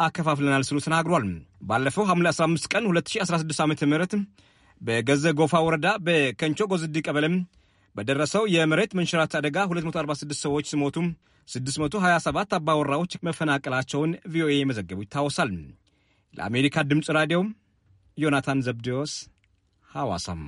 [SPEAKER 6] አከፋፍለናል ሲሉ ተናግሯል። ባለፈው ሐምሌ 15 ቀን 2016 ዓ ም በገዘ ጎፋ ወረዳ በከንቾ ጎዝዲ ቀበሌም በደረሰው የመሬት መንሸራት አደጋ 246 ሰዎች ሲሞቱም 627 አባወራዎች መፈናቀላቸውን ቪኦኤ መዘገቡ ይታወሳል። ለአሜሪካ ድምፅ ራዲዮ ዮናታን ዘብዴዎስ ሐዋሳም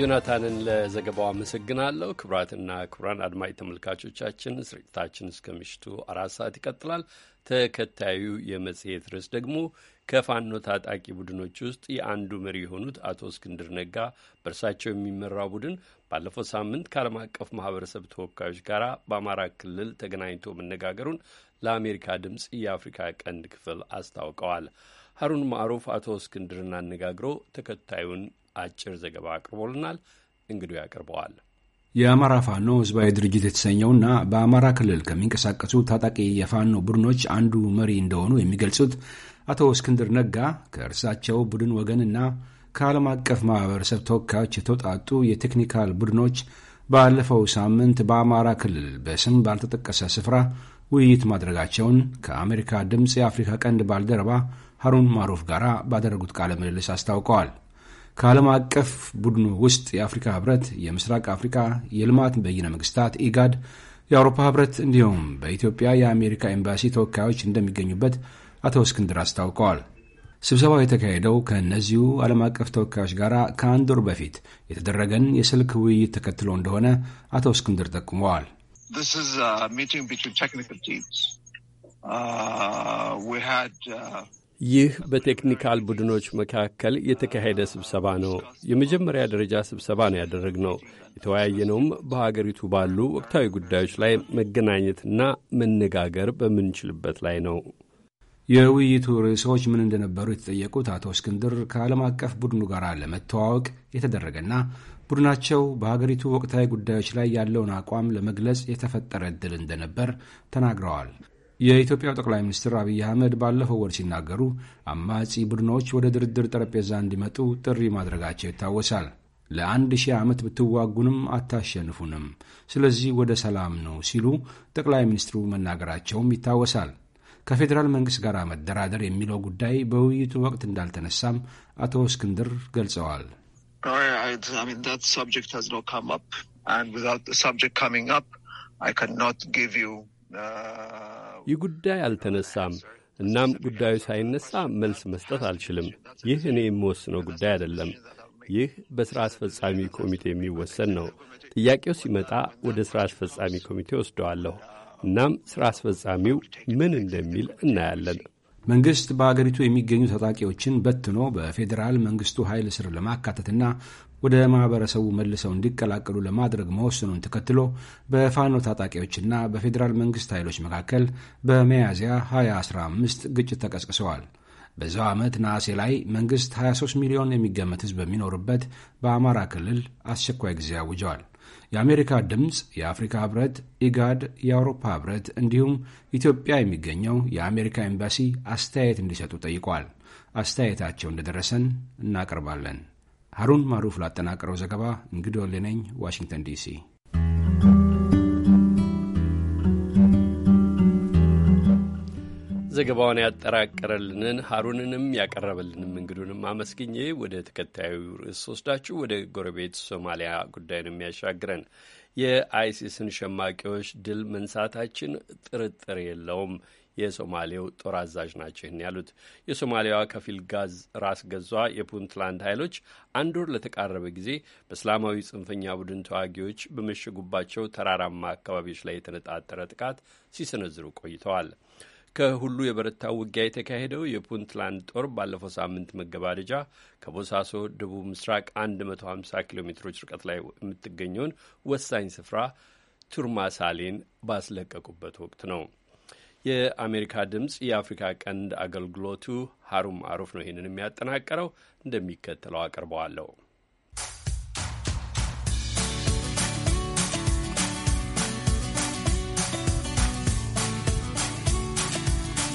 [SPEAKER 1] ዮናታንን ለዘገባው አመሰግናለሁ። ክቡራትና ክቡራን አድማጭ ተመልካቾቻችን ስርጭታችን እስከ ምሽቱ አራት ሰዓት ይቀጥላል። ተከታዩ የመጽሔት ርዕስ ደግሞ ከፋኖ ታጣቂ ቡድኖች ውስጥ የአንዱ መሪ የሆኑት አቶ እስክንድር ነጋ በእርሳቸው የሚመራው ቡድን ባለፈው ሳምንት ከዓለም አቀፍ ማህበረሰብ ተወካዮች ጋር በአማራ ክልል ተገናኝቶ መነጋገሩን ለአሜሪካ ድምፅ የአፍሪካ ቀንድ ክፍል አስታውቀዋል። ሀሩን ማዕሩፍ አቶ እስክንድርን አነጋግሮ ተከታዩን አጭር ዘገባ አቅርቦልናል። እንግዲሁ ያቀርበዋል።
[SPEAKER 8] የአማራ ፋኖ ህዝባዊ ድርጅት የተሰኘውና በአማራ ክልል ከሚንቀሳቀሱ ታጣቂ የፋኖ ቡድኖች አንዱ መሪ እንደሆኑ የሚገልጹት አቶ እስክንድር ነጋ ከእርሳቸው ቡድን ወገንና ከዓለም አቀፍ ማህበረሰብ ተወካዮች የተውጣጡ የቴክኒካል ቡድኖች ባለፈው ሳምንት በአማራ ክልል በስም ባልተጠቀሰ ስፍራ ውይይት ማድረጋቸውን ከአሜሪካ ድምፅ የአፍሪካ ቀንድ ባልደረባ ሀሩን ማሩፍ ጋር ባደረጉት ቃለ ምልልስ አስታውቀዋል። ከዓለም አቀፍ ቡድኑ ውስጥ የአፍሪካ ህብረት፣ የምስራቅ አፍሪካ የልማት በይነ መንግስታት ኢጋድ፣ የአውሮፓ ህብረት እንዲሁም በኢትዮጵያ የአሜሪካ ኤምባሲ ተወካዮች እንደሚገኙበት አቶ እስክንድር አስታውቀዋል። ስብሰባው የተካሄደው ከእነዚሁ ዓለም አቀፍ ተወካዮች ጋር ከአንድ ወር በፊት የተደረገን የስልክ ውይይት ተከትሎ እንደሆነ አቶ እስክንድር ጠቁመዋል።
[SPEAKER 1] ይህ በቴክኒካል ቡድኖች መካከል የተካሄደ ስብሰባ ነው። የመጀመሪያ ደረጃ ስብሰባ ነው ያደረግነው። የተወያየነውም በሀገሪቱ ባሉ ወቅታዊ ጉዳዮች ላይ መገናኘትና መነጋገር በምንችልበት ላይ ነው።
[SPEAKER 8] የውይይቱ ርዕሶች ምን እንደነበሩ የተጠየቁት አቶ እስክንድር ከዓለም አቀፍ ቡድኑ ጋር ለመተዋወቅ የተደረገና ቡድናቸው በሀገሪቱ ወቅታዊ ጉዳዮች ላይ ያለውን አቋም ለመግለጽ የተፈጠረ እድል እንደነበር ተናግረዋል። የኢትዮጵያው ጠቅላይ ሚኒስትር አብይ አህመድ ባለፈው ወር ሲናገሩ አማጺ ቡድኖች ወደ ድርድር ጠረጴዛ እንዲመጡ ጥሪ ማድረጋቸው ይታወሳል። ለአንድ ሺህ ዓመት ብትዋጉንም አታሸንፉንም፣ ስለዚህ ወደ ሰላም ነው ሲሉ ጠቅላይ ሚኒስትሩ መናገራቸውም ይታወሳል። ከፌዴራል መንግሥት ጋር መደራደር የሚለው ጉዳይ በውይይቱ ወቅት እንዳልተነሳም አቶ እስክንድር ገልጸዋል።
[SPEAKER 9] ሳብጀክት ካሚንግ አፕ
[SPEAKER 8] ይህ ጉዳይ
[SPEAKER 1] አልተነሳም። እናም ጉዳዩ ሳይነሳ መልስ መስጠት አልችልም። ይህ እኔ የምወስነው ጉዳይ አይደለም። ይህ በሥራ አስፈጻሚ ኮሚቴ የሚወሰን ነው። ጥያቄው ሲመጣ ወደ ሥራ አስፈጻሚ ኮሚቴ ወስደዋለሁ። እናም ሥራ አስፈጻሚው ምን
[SPEAKER 8] እንደሚል እናያለን። መንግሥት በአገሪቱ የሚገኙ ታጣቂዎችን በትኖ በፌዴራል መንግሥቱ ኃይል ስር ለማካተትና ወደ ማህበረሰቡ መልሰው እንዲቀላቀሉ ለማድረግ መወሰኑን ተከትሎ በፋኖ ታጣቂዎችና በፌዴራል መንግስት ኃይሎች መካከል በሚያዝያ 2015 ግጭት ተቀስቅሰዋል። በዛው ዓመት ነሐሴ ላይ መንግሥት 23 ሚሊዮን የሚገመት ህዝብ በሚኖርበት በአማራ ክልል አስቸኳይ ጊዜ አውጀዋል። የአሜሪካ ድምፅ፣ የአፍሪካ ህብረት፣ ኢጋድ፣ የአውሮፓ ህብረት እንዲሁም ኢትዮጵያ የሚገኘው የአሜሪካ ኤምባሲ አስተያየት እንዲሰጡ ጠይቋል። አስተያየታቸው እንደደረሰን እናቀርባለን። ሀሩን ማሩፍ ላጠናቀረው ዘገባ እንግዶ ሌነኝ ዋሽንግተን ዲሲ።
[SPEAKER 1] ዘገባውን ያጠራቀረልንን ሀሩንንም ያቀረበልንም እንግዱንም አመስግኜ ወደ ተከታዩ ርዕስ ወስዳችሁ ወደ ጎረቤት ሶማሊያ ጉዳይ ነው የሚያሻግረን። የአይሲስን ሸማቂዎች ድል መንሳታችን ጥርጥር የለውም የሶማሌው ጦር አዛዥ ናቸው ይህን ያሉት። የሶማሌዋ ከፊል ጋዝ ራስ ገዟ የፑንትላንድ ኃይሎች አንድ ወር ለተቃረበ ጊዜ በእስላማዊ ጽንፈኛ ቡድን ተዋጊዎች በመሸጉባቸው ተራራማ አካባቢዎች ላይ የተነጣጠረ ጥቃት ሲሰነዝሩ ቆይተዋል። ከሁሉ የበረታው ውጊያ የተካሄደው የፑንትላንድ ጦር ባለፈው ሳምንት መገባደጃ ከቦሳሶ ደቡብ ምስራቅ 150 ኪሎ ሜትሮች ርቀት ላይ የምትገኘውን ወሳኝ ስፍራ ቱርማሳሌን ባስለቀቁበት ወቅት ነው። የአሜሪካ ድምፅ የአፍሪካ ቀንድ አገልግሎቱ ሀሩም አሩፍ ነው ይህንን የሚያጠናቀረው፣ እንደሚከተለው አቅርበዋለሁ።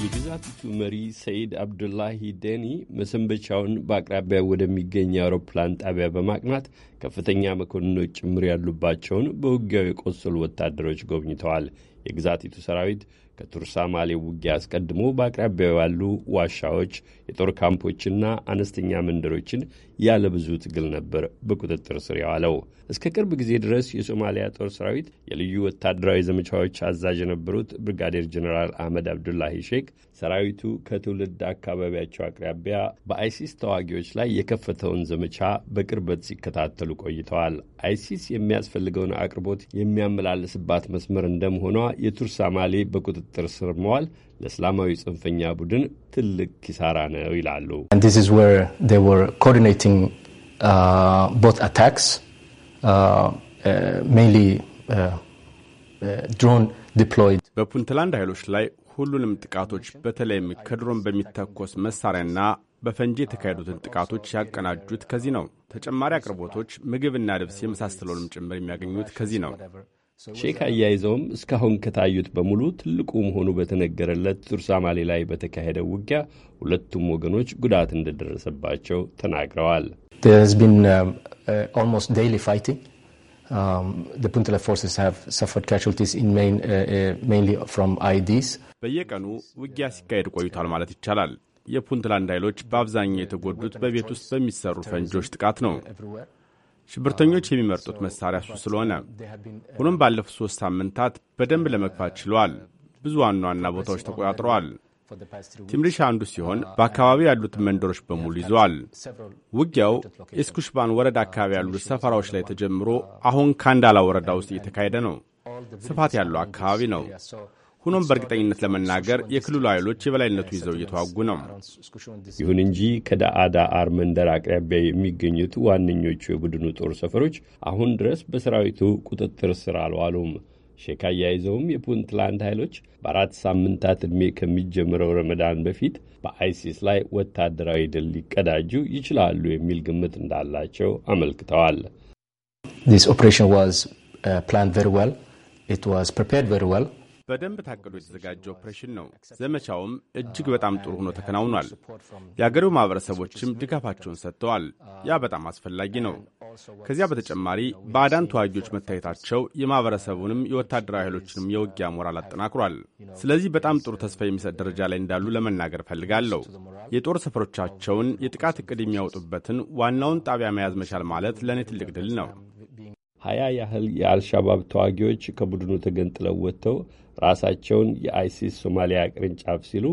[SPEAKER 1] የግዛቲቱ መሪ ሰይድ አብዱላሂ ደኒ መሰንበቻውን በአቅራቢያ ወደሚገኝ የአውሮፕላን ጣቢያ በማቅናት ከፍተኛ መኮንኖች ጭምር ያሉባቸውን በውጊያው የቆሰሉ ወታደሮች ጎብኝተዋል። የግዛቲቱ ሰራዊት ከቱርሳ ማሌ ውጊያ አስቀድሞ በአቅራቢያው ያሉ ዋሻዎች የጦር ካምፖችና አነስተኛ መንደሮችን ያለ ብዙ ትግል ነበር በቁጥጥር ስር የዋለው። እስከ ቅርብ ጊዜ ድረስ የሶማሊያ ጦር ሰራዊት የልዩ ወታደራዊ ዘመቻዎች አዛዥ የነበሩት ብርጋዴር ጀኔራል አህመድ አብዱላሂ ሼክ ሰራዊቱ ከትውልድ አካባቢያቸው አቅራቢያ በአይሲስ ተዋጊዎች ላይ የከፈተውን ዘመቻ በቅርበት ሲከታተሉ ቆይተዋል። አይሲስ የሚያስፈልገውን አቅርቦት የሚያመላልስባት መስመር እንደመሆኗ የቱርሳማሌ በቁጥጥር ስር መዋል ለእስላማዊ ጽንፈኛ ቡድን ትልቅ ኪሳራ ነው ይላሉ።
[SPEAKER 8] uh, uh, uh,
[SPEAKER 4] በፑንትላንድ ኃይሎች ላይ ሁሉንም ጥቃቶች በተለይም ከድሮን በሚተኮስ መሳሪያና በፈንጂ የተካሄዱትን ጥቃቶች ያቀናጁት ከዚህ ነው። ተጨማሪ አቅርቦቶች፣ ምግብና ልብስ የመሳሰለውንም ጭምር የሚያገኙት ከዚህ ነው።
[SPEAKER 8] ሼክ አያይዘውም
[SPEAKER 1] እስካሁን ከታዩት በሙሉ ትልቁ መሆኑ በተነገረለት ዙር ሳማሌ ላይ በተካሄደው ውጊያ ሁለቱም ወገኖች ጉዳት እንደደረሰባቸው ተናግረዋል።
[SPEAKER 8] uh, uh, um, uh,
[SPEAKER 4] በየቀኑ ውጊያ ሲካሄድ ቆይቷል ማለት ይቻላል። የፑንትላንድ ኃይሎች በአብዛኛው የተጎዱት በቤት ውስጥ በሚሰሩ ፈንጆች ጥቃት ነው። ሽብርተኞች የሚመርጡት መሳሪያ እሱ ስለሆነ፣ ሆኖም ባለፉት ሶስት ሳምንታት በደንብ ለመግፋት ችሏል። ብዙ ዋና ዋና ቦታዎች ተቆጣጥረዋል። ቲምሪሻ አንዱ ሲሆን በአካባቢው ያሉትን መንደሮች በሙሉ ይዘዋል። ውጊያው የስኩሽባን ወረዳ አካባቢ ያሉት ሰፈራዎች ላይ ተጀምሮ አሁን ካንዳላ ወረዳ ውስጥ እየተካሄደ ነው። ስፋት ያለው አካባቢ ነው። ሆኖም በእርግጠኝነት ለመናገር የክልሉ ኃይሎች የበላይነቱ ይዘው እየተዋጉ ነው።
[SPEAKER 1] ይሁን እንጂ ከዳአዳ አር መንደር አቅራቢያ የሚገኙት ዋነኞቹ የቡድኑ ጦር ሰፈሮች አሁን ድረስ በሰራዊቱ ቁጥጥር ስር አልዋሉም። ሼክ አያይዘውም የፑንትላንድ ኃይሎች በአራት ሳምንታት ዕድሜ ከሚጀምረው ረመዳን በፊት በአይሲስ ላይ ወታደራዊ ድል ሊቀዳጁ ይችላሉ የሚል ግምት እንዳላቸው አመልክተዋል።
[SPEAKER 2] ኦፕሬሽን ዋዝ ፕላንድ
[SPEAKER 1] ቨሪ ዌል ኢት ዋዝ ፕሪፔርድ ቨሪ ዌል
[SPEAKER 4] በደንብ ታቅዶ የተዘጋጀ ኦፕሬሽን ነው። ዘመቻውም እጅግ በጣም ጥሩ ሆኖ ተከናውኗል። የአገሬው ማህበረሰቦችም ድጋፋቸውን ሰጥተዋል። ያ በጣም አስፈላጊ ነው። ከዚያ በተጨማሪ በአዳን ተዋጊዎች መታየታቸው የማህበረሰቡንም የወታደራዊ ኃይሎችንም የውጊያ ሞራል አጠናክሯል። ስለዚህ በጣም ጥሩ ተስፋ የሚሰጥ ደረጃ ላይ እንዳሉ ለመናገር ፈልጋለሁ። የጦር ሰፈሮቻቸውን የጥቃት እቅድ የሚያወጡበትን ዋናውን ጣቢያ መያዝ መቻል ማለት ለእኔ ትልቅ ድል ነው።
[SPEAKER 1] ሀያ ያህል የአልሻባብ ተዋጊዎች ከቡድኑ ተገንጥለው ወጥተው ራሳቸውን የአይሲስ ሶማሊያ ቅርንጫፍ ሲሉ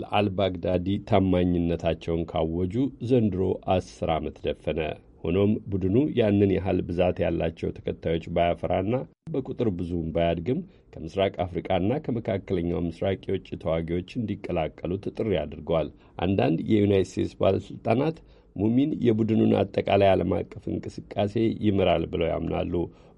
[SPEAKER 1] ለአልባግዳዲ ታማኝነታቸውን ካወጁ ዘንድሮ አስር ዓመት ደፈነ። ሆኖም ቡድኑ ያንን ያህል ብዛት ያላቸው ተከታዮች ባያፈራና በቁጥር ብዙም ባያድግም ከምስራቅ አፍሪቃና ከመካከለኛው ምስራቅ የውጭ ተዋጊዎች እንዲቀላቀሉት ጥሪ አድርገዋል። አንዳንድ የዩናይት ስቴትስ ባለሥልጣናት ሙሚን የቡድኑን አጠቃላይ ዓለም አቀፍ እንቅስቃሴ ይመራል ብለው ያምናሉ።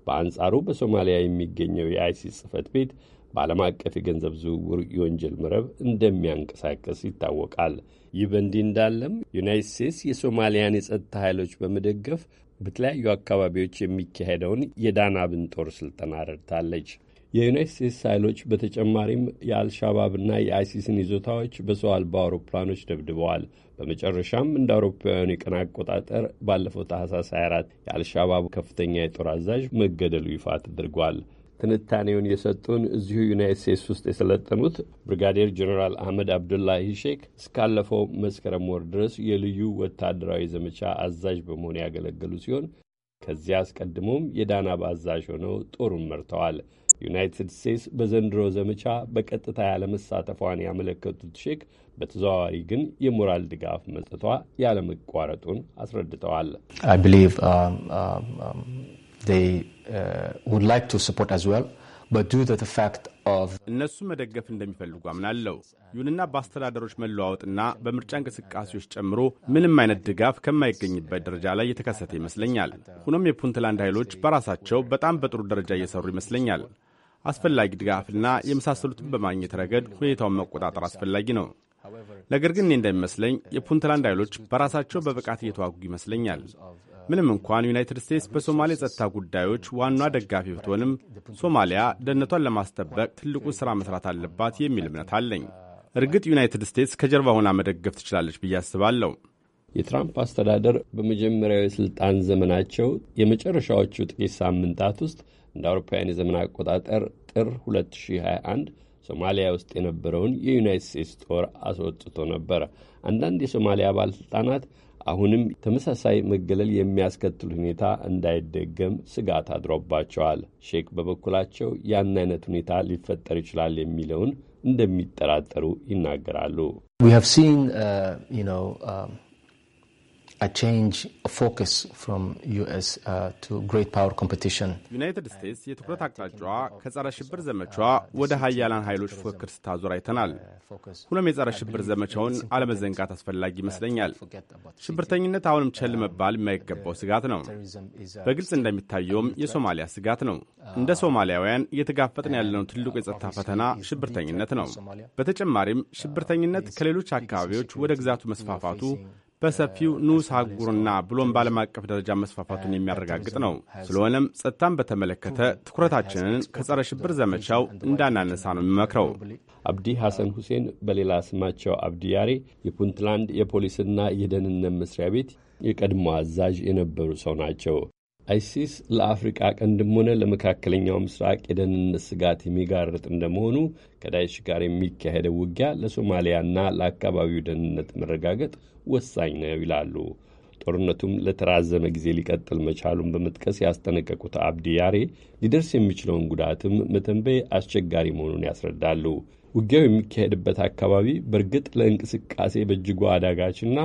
[SPEAKER 1] በአንጻሩ በሶማሊያ የሚገኘው የአይሲስ ጽህፈት ቤት በዓለም አቀፍ የገንዘብ ዝውውር የወንጀል መረብ እንደሚያንቀሳቀስ ይታወቃል። ይህ በእንዲህ እንዳለም ዩናይትድ ስቴትስ የሶማሊያን የጸጥታ ኃይሎች በመደገፍ በተለያዩ አካባቢዎች የሚካሄደውን የዳናብን ጦር ስልጠና ረድታለች። የዩናይትድ ስቴትስ ኃይሎች በተጨማሪም የአልሻባብና የአይሲስን ይዞታዎች በሰው አልባ አውሮፕላኖች ደብድበዋል። በመጨረሻም እንደ አውሮፓውያኑ የቀን አቆጣጠር ባለፈው ታህሳስ 24 የአልሻባብ ከፍተኛ የጦር አዛዥ መገደሉ ይፋ ተደርጓል። ትንታኔውን የሰጡን እዚሁ ዩናይት ስቴትስ ውስጥ የሰለጠኑት ብሪጋዴር ጀኔራል አህመድ አብዱላሂ ሼክ እስካለፈው መስከረም ወር ድረስ የልዩ ወታደራዊ ዘመቻ አዛዥ በመሆን ያገለገሉ ሲሆን ከዚያ አስቀድሞም የዳናብ አዛዥ ሆነው ጦሩን መርተዋል። ዩናይትድ ስቴትስ በዘንድሮ ዘመቻ በቀጥታ ያለመሳተፏን ያመለከቱት ሼክ በተዘዋዋሪ ግን የሞራል ድጋፍ መስጠቷ ያለመቋረጡን
[SPEAKER 8] አስረድተዋል።
[SPEAKER 4] እነሱ መደገፍ እንደሚፈልጉ አምናለሁ። ይሁንና በአስተዳደሮች መለዋወጥና በምርጫ እንቅስቃሴዎች ጨምሮ ምንም አይነት ድጋፍ ከማይገኝበት ደረጃ ላይ የተከሰተ ይመስለኛል። ሆኖም የፑንትላንድ ኃይሎች በራሳቸው በጣም በጥሩ ደረጃ እየሰሩ ይመስለኛል። አስፈላጊ ድጋፍና የመሳሰሉትን በማግኘት ረገድ ሁኔታውን መቆጣጠር አስፈላጊ ነው። ነገር ግን እኔ እንደሚመስለኝ የፑንትላንድ ኃይሎች በራሳቸው በብቃት እየተዋጉ ይመስለኛል። ምንም እንኳን ዩናይትድ ስቴትስ በሶማሌ ጸጥታ ጉዳዮች ዋና ደጋፊ ብትሆንም ሶማሊያ ደህንነቷን ለማስጠበቅ ትልቁ ሥራ መሥራት አለባት የሚል እምነት አለኝ።
[SPEAKER 1] እርግጥ ዩናይትድ ስቴትስ ከጀርባ ሆና መደገፍ ትችላለች ብዬ አስባለሁ። የትራምፕ አስተዳደር በመጀመሪያው የሥልጣን ዘመናቸው የመጨረሻዎቹ ጥቂት ሳምንታት ውስጥ እንደ አውሮፓውያን የዘመን አቆጣጠር ጥር 2021 ሶማሊያ ውስጥ የነበረውን የዩናይትድ ስቴትስ ጦር አስወጥቶ ነበር። አንዳንድ የሶማሊያ ባለሥልጣናት አሁንም ተመሳሳይ መገለል የሚያስከትል ሁኔታ እንዳይደገም ስጋት አድሮባቸዋል። ሼክ በበኩላቸው ያን አይነት ሁኔታ ሊፈጠር ይችላል የሚለውን እንደሚጠራጠሩ
[SPEAKER 8] ይናገራሉ። uh, um,
[SPEAKER 4] ዩናይትድ ስቴትስ uh, የትኩረት አቅጣጫዋ ከጸረ ሽብር ዘመቻዋ ወደ ሀያላን ኃይሎች ፉክክር ስታዞር አይተናል። ሁኖም የጸረ ሽብር ዘመቻውን አለመዘንጋት አስፈላጊ ይመስለኛል። ሽብርተኝነት አሁንም ቸል መባል የማይገባው ስጋት ነው። በግልጽ እንደሚታየውም የሶማሊያ ስጋት ነው። እንደ ሶማሊያውያን እየተጋፈጥን ያለነው ትልቁ የጸጥታ ፈተና ሽብርተኝነት ነው። በተጨማሪም ሽብርተኝነት ከሌሎች አካባቢዎች ወደ ግዛቱ መስፋፋቱ በሰፊው ንዑስ አህጉርና ብሎም በዓለም አቀፍ ደረጃ መስፋፋቱን የሚያረጋግጥ ነው። ስለሆነም ጸጥታን በተመለከተ
[SPEAKER 1] ትኩረታችንን ከጸረ ሽብር ዘመቻው እንዳናነሳ ነው የሚመክረው። አብዲ ሐሰን ሁሴን በሌላ ስማቸው አብዲ ያሬ የፑንትላንድ የፖሊስና የደህንነት መስሪያ ቤት የቀድሞ አዛዥ የነበሩ ሰው ናቸው። አይሲስ ለአፍሪቃ ቀንድም ሆነ ለመካከለኛው ምስራቅ የደህንነት ስጋት የሚጋርጥ እንደመሆኑ ከዳይሽ ጋር የሚካሄደው ውጊያ ለሶማሊያና ለአካባቢው ደህንነት መረጋገጥ ወሳኝ ነው ይላሉ። ጦርነቱም ለተራዘመ ጊዜ ሊቀጥል መቻሉን በመጥቀስ ያስጠነቀቁት አብዲ ያሬ ሊደርስ የሚችለውን ጉዳትም መተንበይ አስቸጋሪ መሆኑን ያስረዳሉ። ውጊያው የሚካሄድበት አካባቢ በእርግጥ ለእንቅስቃሴ በእጅጉ አዳጋችና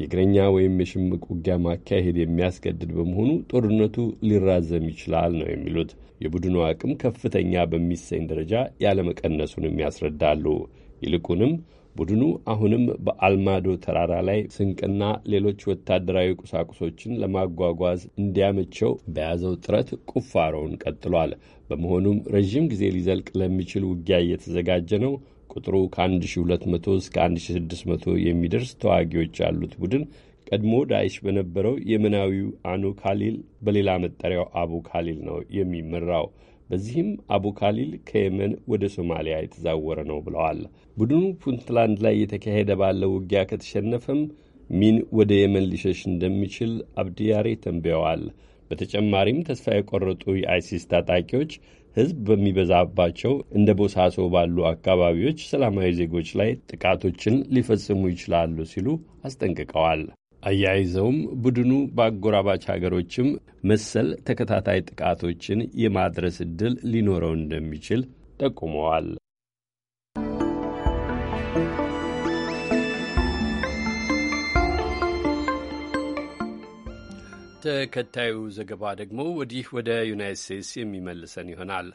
[SPEAKER 1] የእግረኛ ወይም የሽምቅ ውጊያ ማካሄድ የሚያስገድድ በመሆኑ ጦርነቱ ሊራዘም ይችላል ነው የሚሉት። የቡድኑ አቅም ከፍተኛ በሚሰኝ ደረጃ ያለመቀነሱንም ያስረዳሉ። ይልቁንም ቡድኑ አሁንም በአልማዶ ተራራ ላይ ስንቅና ሌሎች ወታደራዊ ቁሳቁሶችን ለማጓጓዝ እንዲያመቸው በያዘው ጥረት ቁፋሮውን ቀጥሏል። በመሆኑም ረዥም ጊዜ ሊዘልቅ ለሚችል ውጊያ እየተዘጋጀ ነው። ቁጥሩ ከ1200 እስከ 1600 የሚደርስ ተዋጊዎች ያሉት ቡድን ቀድሞ ዳይሽ በነበረው የመናዊው አኑ ካሊል በሌላ መጠሪያው አቡ ካሊል ነው የሚመራው። በዚህም አቡ ካሊል ከየመን ወደ ሶማሊያ የተዛወረ ነው ብለዋል። ቡድኑ ፑንትላንድ ላይ የተካሄደ ባለው ውጊያ ከተሸነፈም ሚን ወደ የመን ሊሸሽ እንደሚችል አብድያሬ ተንብየዋል። በተጨማሪም ተስፋ የቆረጡ የአይሲስ ታጣቂዎች ሕዝብ በሚበዛባቸው እንደ ቦሳሶ ባሉ አካባቢዎች ሰላማዊ ዜጎች ላይ ጥቃቶችን ሊፈጽሙ ይችላሉ ሲሉ አስጠንቅቀዋል። አያይዘውም ቡድኑ በአጎራባች ሀገሮችም መሰል ተከታታይ ጥቃቶችን የማድረስ ዕድል ሊኖረው እንደሚችል ጠቁመዋል። ተከታዩ ዘገባ ደግሞ ወዲህ ወደ ዩናይት ስቴትስ የሚመልሰን ይሆናል።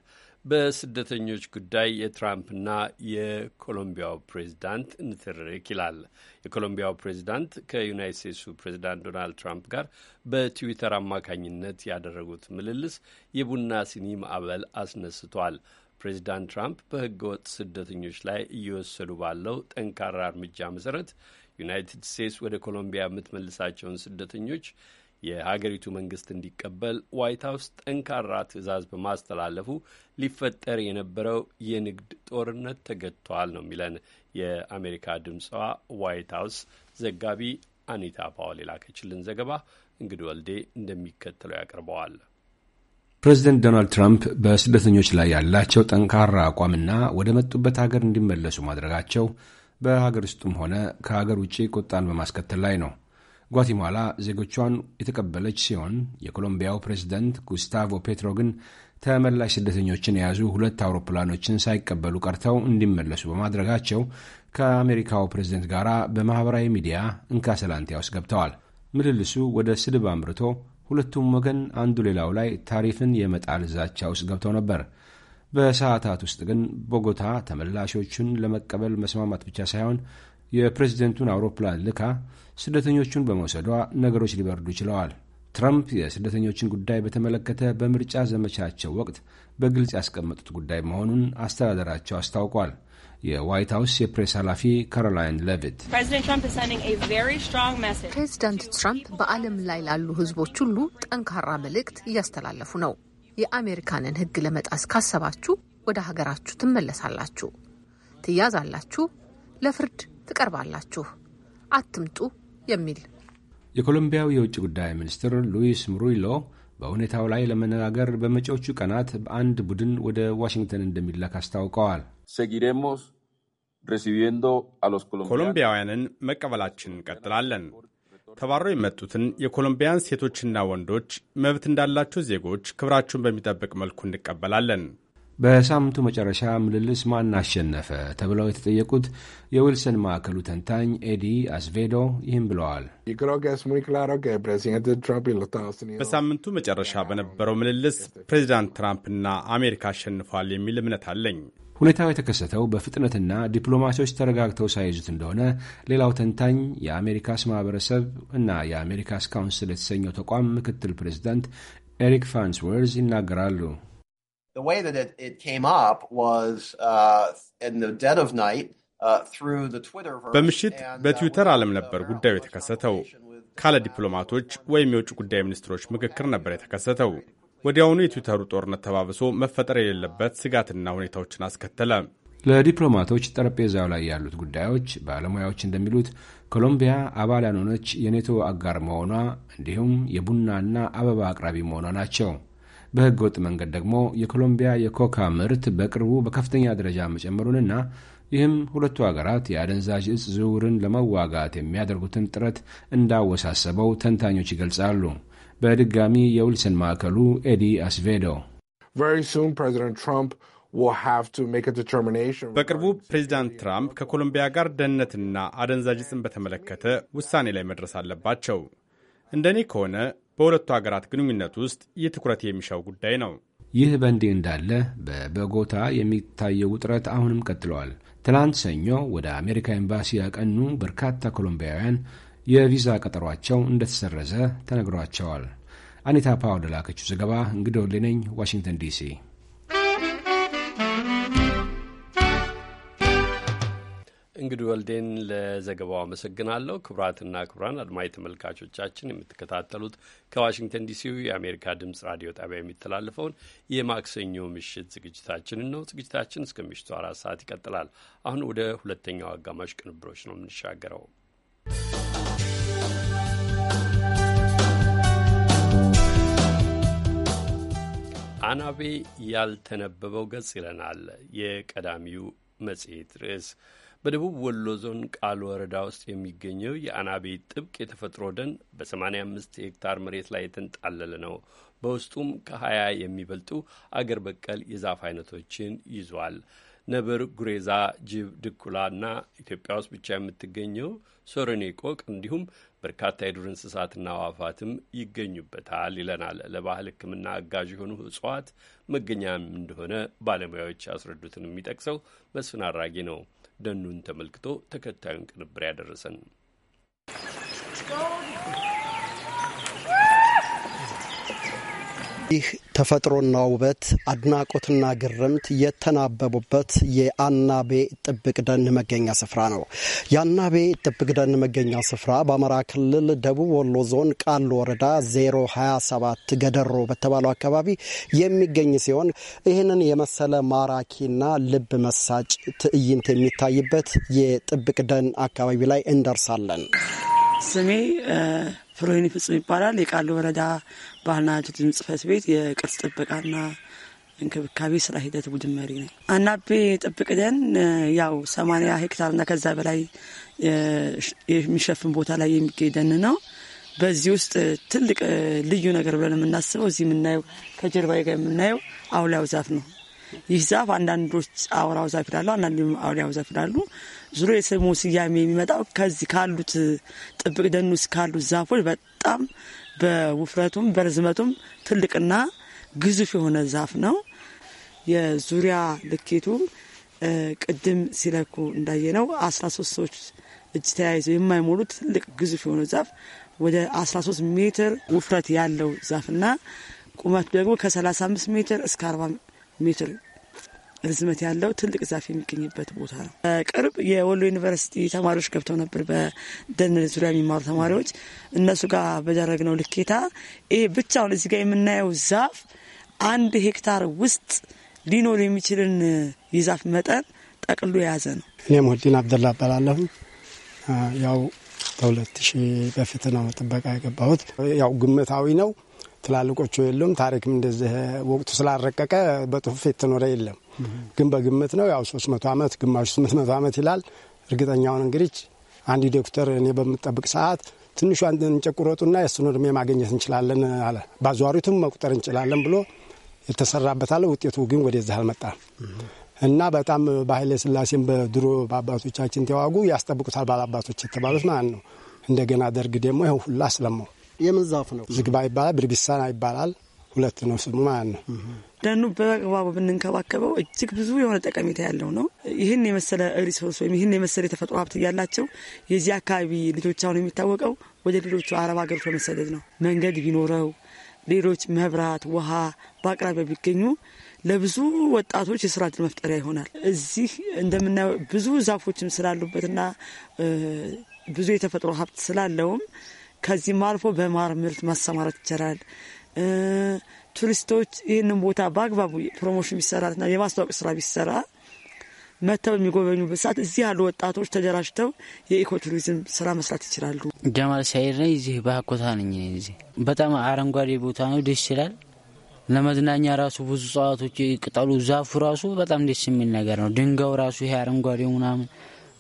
[SPEAKER 1] በስደተኞች ጉዳይ የትራምፕና የኮሎምቢያው ፕሬዚዳንት ንትርክ ይላል። የኮሎምቢያው ፕሬዚዳንት ከዩናይት ስቴትሱ ፕሬዚዳንት ዶናልድ ትራምፕ ጋር በትዊተር አማካኝነት ያደረጉት ምልልስ የቡና ሲኒ ማዕበል አስነስቷል። ፕሬዚዳንት ትራምፕ በሕገ ወጥ ስደተኞች ላይ እየወሰዱ ባለው ጠንካራ እርምጃ መሰረት ዩናይትድ ስቴትስ ወደ ኮሎምቢያ የምትመልሳቸውን ስደተኞች የሀገሪቱ መንግስት እንዲቀበል ዋይት ሀውስ ጠንካራ ትዕዛዝ በማስተላለፉ ሊፈጠር የነበረው የንግድ ጦርነት ተገጥቷል ነው የሚለን የአሜሪካ ድምጿ ዋይት ሀውስ ዘጋቢ አኒታ ፓወል የላከችልን ዘገባ። እንግዲህ ወልዴ እንደሚከተለው ያቀርበዋል።
[SPEAKER 8] ፕሬዚደንት ዶናልድ ትራምፕ በስደተኞች ላይ ያላቸው ጠንካራ አቋምና ወደ መጡበት ሀገር እንዲመለሱ ማድረጋቸው በሀገር ውስጥም ሆነ ከሀገር ውጭ ቁጣን በማስከተል ላይ ነው። ጓቲማላ ዜጎቿን የተቀበለች ሲሆን የኮሎምቢያው ፕሬዚደንት ጉስታቮ ፔትሮ ግን ተመላሽ ስደተኞችን የያዙ ሁለት አውሮፕላኖችን ሳይቀበሉ ቀርተው እንዲመለሱ በማድረጋቸው ከአሜሪካው ፕሬዝደንት ጋር በማኅበራዊ ሚዲያ እንካሰላንቲያ ውስጥ ገብተዋል። ምልልሱ ወደ ስድብ አምርቶ ሁለቱም ወገን አንዱ ሌላው ላይ ታሪፍን የመጣል ዛቻ ውስጥ ገብተው ነበር። በሰዓታት ውስጥ ግን ቦጎታ ተመላሾቹን ለመቀበል መስማማት ብቻ ሳይሆን የፕሬዝደንቱን አውሮፕላን ልካ ስደተኞቹን በመውሰዷ ነገሮች ሊበርዱ ችለዋል። ትራምፕ የስደተኞችን ጉዳይ በተመለከተ በምርጫ ዘመቻቸው ወቅት በግልጽ ያስቀመጡት ጉዳይ መሆኑን አስተዳደራቸው አስታውቋል። የዋይት ሀውስ የፕሬስ ኃላፊ ካሮላይን ሌቪት ፕሬዚደንት ትራምፕ በዓለም
[SPEAKER 10] ላይ
[SPEAKER 11] ላሉ ሕዝቦች ሁሉ ጠንካራ መልእክት እያስተላለፉ ነው። የአሜሪካንን ሕግ ለመጣስ ካሰባችሁ ወደ ሀገራችሁ ትመለሳላችሁ፣ ትያዛላችሁ፣
[SPEAKER 10] ለፍርድ ትቀርባላችሁ፣ አትምጡ የሚል
[SPEAKER 8] የኮሎምቢያው የውጭ ጉዳይ ሚኒስትር ሉዊስ ሙሪሎ በሁኔታው ላይ ለመነጋገር በመጪዎቹ ቀናት በአንድ ቡድን ወደ ዋሽንግተን እንደሚላክ አስታውቀዋል።
[SPEAKER 1] seguiremos recibiendo
[SPEAKER 4] a ኮሎምቢያውያንን መቀበላችን እንቀጥላለን።
[SPEAKER 8] ተባረው የመጡትን
[SPEAKER 4] የኮሎምቢያን ሴቶችና ወንዶች መብት እንዳላቸው ዜጎች ክብራችሁን በሚጠብቅ መልኩ እንቀበላለን።
[SPEAKER 8] በሳምንቱ መጨረሻ ምልልስ ማን አሸነፈ ተብለው የተጠየቁት የዊልሰን ማዕከሉ ተንታኝ ኤዲ አስቬዶ ይህም ብለዋል።
[SPEAKER 4] በሳምንቱ መጨረሻ በነበረው ምልልስ ፕሬዚዳንት ትራምፕና አሜሪካ አሸንፏል የሚል እምነት አለኝ።
[SPEAKER 8] ሁኔታው የተከሰተው በፍጥነትና ዲፕሎማሲዎች ተረጋግተው ሳይዙት እንደሆነ ሌላው ተንታኝ የአሜሪካስ ማህበረሰብ እና የአሜሪካስ ካውንስል የተሰኘው ተቋም ምክትል ፕሬዚዳንት ኤሪክ ፋንስወርዝ ይናገራሉ።
[SPEAKER 2] the way that it, it came up was uh, in the dead of night uh,
[SPEAKER 3] በምሽት
[SPEAKER 4] uh, በትዊተር ዓለም ነበር ጉዳዩ የተከሰተው። ካለ ዲፕሎማቶች ወይም የውጭ ጉዳይ ሚኒስትሮች ምክክር ነበር የተከሰተው። ወዲያውኑ የትዊተሩ ጦርነት ተባብሶ መፈጠር የሌለበት ስጋትና ሁኔታዎችን አስከተለ።
[SPEAKER 8] ለዲፕሎማቶች ጠረጴዛው ላይ ያሉት ጉዳዮች ባለሙያዎች እንደሚሉት ኮሎምቢያ አባል ያልሆነች የኔቶ አጋር መሆኗ እንዲሁም የቡናና አበባ አቅራቢ መሆኗ ናቸው። በህገወጥ መንገድ ደግሞ የኮሎምቢያ የኮካ ምርት በቅርቡ በከፍተኛ ደረጃ መጨመሩንና ይህም ሁለቱ ሀገራት የአደንዛዥ እጽ ዝውውርን ለመዋጋት የሚያደርጉትን ጥረት እንዳወሳሰበው ተንታኞች ይገልጻሉ። በድጋሚ የዊልሰን ማዕከሉ ኤዲ አስቬዶ
[SPEAKER 4] በቅርቡ ፕሬዚዳንት ትራምፕ ከኮሎምቢያ ጋር ደህንነትና አደንዛዥ እጽን በተመለከተ ውሳኔ ላይ መድረስ አለባቸው። እንደኔ ከሆነ በሁለቱ ሀገራት ግንኙነት ውስጥ ይህ ትኩረት የሚሻው ጉዳይ ነው።
[SPEAKER 8] ይህ በእንዲህ እንዳለ በቦጎታ የሚታየው ውጥረት አሁንም ቀጥለዋል። ትናንት ሰኞ ወደ አሜሪካ ኤምባሲ ያቀኑ በርካታ ኮሎምቢያውያን የቪዛ ቀጠሯቸው እንደተሰረዘ ተነግሯቸዋል። አኒታ ፓውል ላከችው ዘገባ። እንግዶ ወሌ ዋሽንግተን ዲሲ
[SPEAKER 1] እንግዲህ ወልዴን ለዘገባው አመሰግናለሁ። ክቡራትና ክቡራን አድማጭ ተመልካቾቻችን የምትከታተሉት ከዋሽንግተን ዲሲው የአሜሪካ ድምጽ ራዲዮ ጣቢያ የሚተላለፈውን የማክሰኞ ምሽት ዝግጅታችንን ነው። ዝግጅታችን እስከ ምሽቱ አራት ሰዓት ይቀጥላል። አሁን ወደ ሁለተኛው አጋማሽ ቅንብሮች ነው የምንሻገረው። አናቤ ያልተነበበው ገጽ ይለናል የቀዳሚው መጽሔት ርዕስ በደቡብ ወሎ ዞን ቃል ወረዳ ውስጥ የሚገኘው የአናቤ ጥብቅ የተፈጥሮ ደን በ85 ሄክታር መሬት ላይ የተንጣለለ ነው። በውስጡም ከ20 የሚበልጡ አገር በቀል የዛፍ አይነቶችን ይዟል። ነብር፣ ጉሬዛ፣ ጅብ፣ ድኩላ እና ኢትዮጵያ ውስጥ ብቻ የምትገኘው ሶረኔ ቆቅ እንዲሁም በርካታ የዱር እንስሳትና አዋፋትም ይገኙበታል ይለናል። ለባህል ሕክምና አጋዥ የሆኑ እጽዋት መገኛም እንደሆነ ባለሙያዎች ያስረዱትን የሚጠቅሰው መስፍን አራጌ ነው። ደኑን ተመልክቶ ተከታዩን ቅንብር ያደረሰን ይህ ተፈጥሮና ውበት አድናቆትና ግርምት የተናበቡበት የአናቤ ጥብቅ ደን መገኛ ስፍራ ነው። የአናቤ ጥብቅ ደን መገኛ ስፍራ በአማራ ክልል ደቡብ ወሎ ዞን ቃሉ ወረዳ 027 ገደሮ በተባለው አካባቢ የሚገኝ ሲሆን ይህንን የመሰለ ማራኪና ልብ መሳጭ ትዕይንት የሚታይበት የጥብቅ
[SPEAKER 2] ደን አካባቢ ላይ እንደርሳለን።
[SPEAKER 12] ስሜ ፍሮይን ፍጹም ይባላል። የቃሉ ወረዳ ባህልና ቱሪዝም ጽፈት ቤት የቅርስ ጥበቃና እንክብካቤ ስራ ሂደት ቡድን መሪ ነኝ። አናቤ ጥብቅ ደን ያው ሰማንያ ሄክታርና ከዛ በላይ የሚሸፍን ቦታ ላይ የሚገኝ ደን ነው። በዚህ ውስጥ ትልቅ ልዩ ነገር ብለን የምናስበው እዚህ የምናየው ከጀርባ ጋር የምናየው አውሊያው ዛፍ ነው። ይህ ዛፍ አንዳንዶች አውራው ዛፍ ይላሉ፣ አንዳንድ አውሊያው ዛፍ ይላሉ። ዙሮ የስሙ ስያሜ የሚመጣው ከዚህ ካሉት ጥብቅ ደን ውስጥ ካሉት ዛፎች በጣም በውፍረቱም በርዝመቱም ትልቅና ግዙፍ የሆነ ዛፍ ነው። የዙሪያ ልኬቱ ቅድም ሲለኩ እንዳየነው አስራ ሶስት ሰዎች እጅ ተያይዘው የማይሞሉት ትልቅ ግዙፍ የሆነ ዛፍ ወደ 13 ሜትር ውፍረት ያለው ዛፍና ቁመቱ ደግሞ ከ35 ሜትር እስከ 40 ሜትር ርዝመት ያለው ትልቅ ዛፍ የሚገኝበት ቦታ ነው። ቅርብ የወሎ ዩኒቨርሲቲ ተማሪዎች ገብተው ነበር፣ በደን ዙሪያ የሚማሩ ተማሪዎች። እነሱ ጋር በደረግነው ልኬታ ይሄ ብቻውን እዚህ ጋር የምናየው ዛፍ አንድ ሄክታር ውስጥ ሊኖር የሚችልን የዛፍ መጠን ጠቅሎ የያዘ ነው።
[SPEAKER 7] እኔ ሙህዲን አብደላ እባላለሁ። ያው ከሁለት ሺህ በፊት ነው ጥበቃ የገባሁት።
[SPEAKER 4] ያው ግምታዊ ነው ትላልቆቹ የሉም። ታሪክም እንደዚህ ወቅቱ ስላረቀቀ በጽሁፍ የተኖረ የለም። ግን በግምት ነው ያው ሶስት መቶ ዓመት ግማሹ ስምንት መቶ ዓመት ይላል። እርግጠኛውን እንግዲህ አንድ ዶክተር እኔ በምጠብቅ ሰዓት ትንሹ አንድን ጨቁረጡና የእሱን እድሜ ማግኘት እንችላለን አለ። ባዟሪቱም መቁጠር እንችላለን ብሎ የተሰራበታለ። ውጤቱ ግን ወደዚህ አልመጣም እና በጣም በኃይለ ሥላሴም በድሮ በአባቶቻችን ተዋጉ ያስጠብቁታል ባላባቶች የተባሉት ማለት ነው። እንደገና ደርግ ደግሞ ይኸው ሁላ አስለማው
[SPEAKER 12] የምን ዛፍ ነው? ዝግባ
[SPEAKER 4] ይባላል። ብርቢሳና ይባላል። ሁለት ነው ስሙ ማለት ነው።
[SPEAKER 12] ደኑ በአግባቡ ብንንከባከበው እጅግ ብዙ የሆነ ጠቀሜታ ያለው ነው። ይህን የመሰለ ሪሶርስ ወይም ይህን የመሰለ የተፈጥሮ ሀብት እያላቸው የዚህ አካባቢ ልጆች አሁን የሚታወቀው ወደ ሌሎቹ አረብ ሀገሮች በመሰደድ ነው። መንገድ ቢኖረው ሌሎች መብራት፣ ውሃ በአቅራቢያ ቢገኙ ለብዙ ወጣቶች የስራ እድል መፍጠሪያ ይሆናል። እዚህ እንደምናየው ብዙ ዛፎችም ስላሉበትና ብዙ የተፈጥሮ ሀብት ስላለውም ከዚህም አልፎ በማር ምርት ማሰማራት ይቻላል። ቱሪስቶች ይህንን ቦታ በአግባቡ ፕሮሞሽን ቢሰራትና የማስታወቅ ስራ ቢሰራ መጥተው የሚጎበኙ ሰዓት እዚህ ያሉ ወጣቶች ተደራጅተው የኢኮ ቱሪዝም ስራ መስራት ይችላሉ። ጀማል ሳይድ ነኝ። እዚህ ባህኮታ ነኝ። እዚህ በጣም አረንጓዴ ቦታ ነው፣ ደስ ይላል። ለመዝናኛ ራሱ ብዙ እጽዋቶች ቅጠሉ፣ ዛፉ ራሱ በጣም ደስ የሚል ነገር ነው። ድንጋዩ ራሱ ይሄ አረንጓዴው ምናምን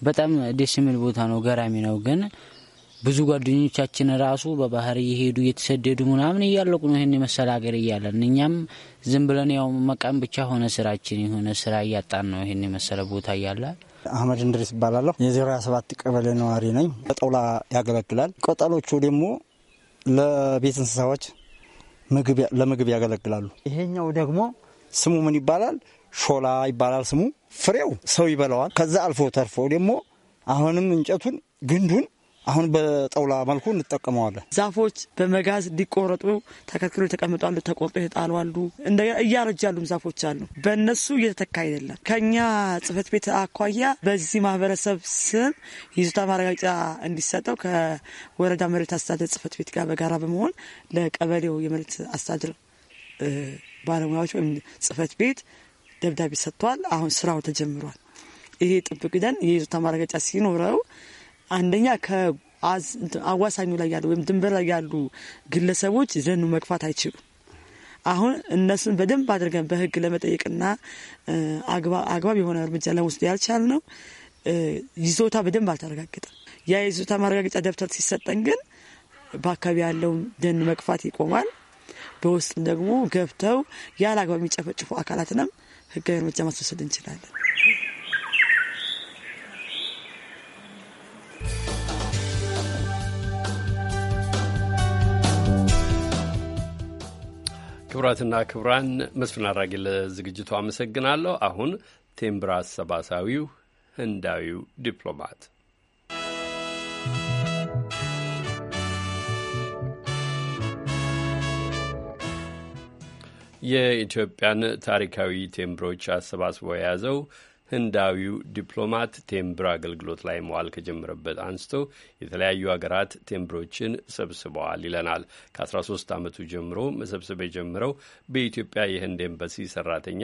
[SPEAKER 12] በጣም ደስ የሚል ቦታ ነው፣ ገራሚ ነው ግን ብዙ ጓደኞቻችን ራሱ በባህር እየሄዱ እየተሰደዱ ምናምን እያለቁ ነው ይህን የመሰለ ሀገር እያለን እኛም ዝም ብለን ያው መቃም ብቻ ሆነ ስራችን የሆነ ስራ እያጣን ነው ይህን የመሰለ ቦታ እያለ አህመድ እንድሪስ ይባላለሁ። የዜሮ ሰባት ቀበሌ ነዋሪ ነኝ። ጠውላ ያገለግላል። ቅጠሎቹ ደግሞ ለቤት እንስሳዎች ለምግብ ያገለግላሉ። ይሄኛው ደግሞ ስሙ ምን ይባላል? ሾላ ይባላል ስሙ። ፍሬው ሰው ይበላዋል። ከዛ አልፎ ተርፎ ደግሞ አሁንም እንጨቱን ግንዱን አሁን በጠውላ መልኩ እንጠቀመዋለን። ዛፎች በመጋዝ እንዲቆረጡ ተከርክሮ የተቀመጡ ተቆርጦ የተጣሉ እያረጃሉም ዛፎች አሉ። በእነሱ እየተተካ አይደለም። ከኛ ጽህፈት ቤት አኳያ በዚህ ማህበረሰብ ስም ይዞታ ማረጋገጫ እንዲሰጠው ከወረዳ መሬት አስተዳደር ጽህፈት ቤት ጋር በጋራ በመሆን ለቀበሌው የመሬት አስተዳደር ባለሙያዎች ወይም ጽህፈት ቤት ደብዳቤ ሰጥቷል። አሁን ስራው ተጀምሯል። ይሄ ጥብቅ ደን የይዞታ ማረጋገጫ ሲኖረው አንደኛ አዋሳኙ ላይ ያሉ ወይም ድንበር ላይ ያሉ ግለሰቦች ዘኑ መግፋት አይችሉም። አሁን እነሱን በደንብ አድርገን በህግ ለመጠየቅና አግባብ የሆነ እርምጃ ለመውሰድ ያልቻል ነው። ይዞታ በደንብ አልተረጋገጠም። ያ የይዞታ ማረጋገጫ ደብተር ሲሰጠን ግን በአካባቢ ያለው ደን መግፋት ይቆማል። በውስጥ ደግሞ ገብተው ያለ አግባብ የሚጨፈጭፉ አካላትንም ህጋዊ እርምጃ ማስወሰድ እንችላለን።
[SPEAKER 1] ክቡራትና ክቡራን መስፍን አራጌ ለዝግጅቱ አመሰግናለሁ። አሁን ቴምብራ አሰባሳዊው ህንዳዊው ዲፕሎማት የኢትዮጵያን ታሪካዊ ቴምብሮች አሰባስቦ የያዘው ህንዳዊው ዲፕሎማት ቴምብር አገልግሎት ላይ መዋል ከጀመረበት አንስቶ የተለያዩ ሀገራት ቴምብሮችን ሰብስበዋል ይለናል። ከ13 ዓመቱ ጀምሮ መሰብሰብ የጀምረው በኢትዮጵያ የህንድ ኤምባሲ ሰራተኛ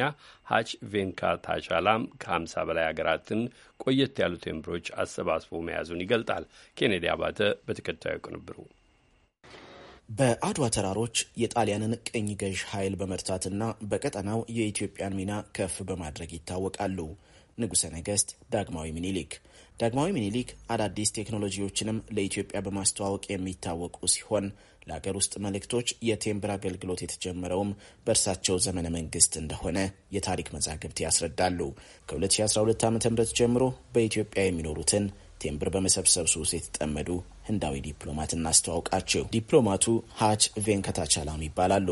[SPEAKER 1] ሀች ቬንካ ታቻላም ከ50 በላይ ሀገራትን ቆየት ያሉ ቴምብሮች አሰባስቦ መያዙን ይገልጣል። ኬኔዲ አባተ በተከታዩ ቅንብሩ
[SPEAKER 2] በአድዋ ተራሮች የጣሊያንን ቅኝ ገዥ ኃይል በመርታትና በቀጠናው የኢትዮጵያን ሚና ከፍ በማድረግ ይታወቃሉ። ንጉሠ ነገሥት ዳግማዊ ምኒልክ። ዳግማዊ ምኒልክ አዳዲስ ቴክኖሎጂዎችንም ለኢትዮጵያ በማስተዋወቅ የሚታወቁ ሲሆን ለአገር ውስጥ መልእክቶች የቴምብር አገልግሎት የተጀመረውም በእርሳቸው ዘመነ መንግስት እንደሆነ የታሪክ መዛግብት ያስረዳሉ። ከ2012 ዓ ም ጀምሮ በኢትዮጵያ የሚኖሩትን ቴምብር በመሰብሰብ ሱስ የተጠመዱ ህንዳዊ ዲፕሎማት እናስተዋውቃቸው። ዲፕሎማቱ ሃች ቬንከታቻላም ይባላሉ።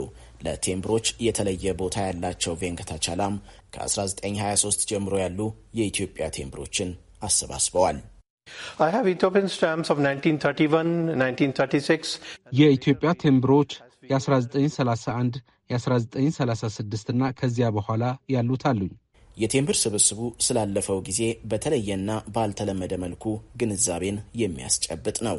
[SPEAKER 2] ለቴምብሮች የተለየ ቦታ ያላቸው ቻላም ከ1923 ጀምሮ ያሉ የኢትዮጵያ ቴምብሮችን አሰባስበዋል።
[SPEAKER 9] የኢትዮጵያ ቴምብሮች የ1931 የ1936 እና ከዚያ በኋላ ያሉት
[SPEAKER 2] አሉኝ። የቴምብር ስብስቡ ስላለፈው ጊዜ በተለየና ባልተለመደ መልኩ ግንዛቤን የሚያስጨብጥ ነው።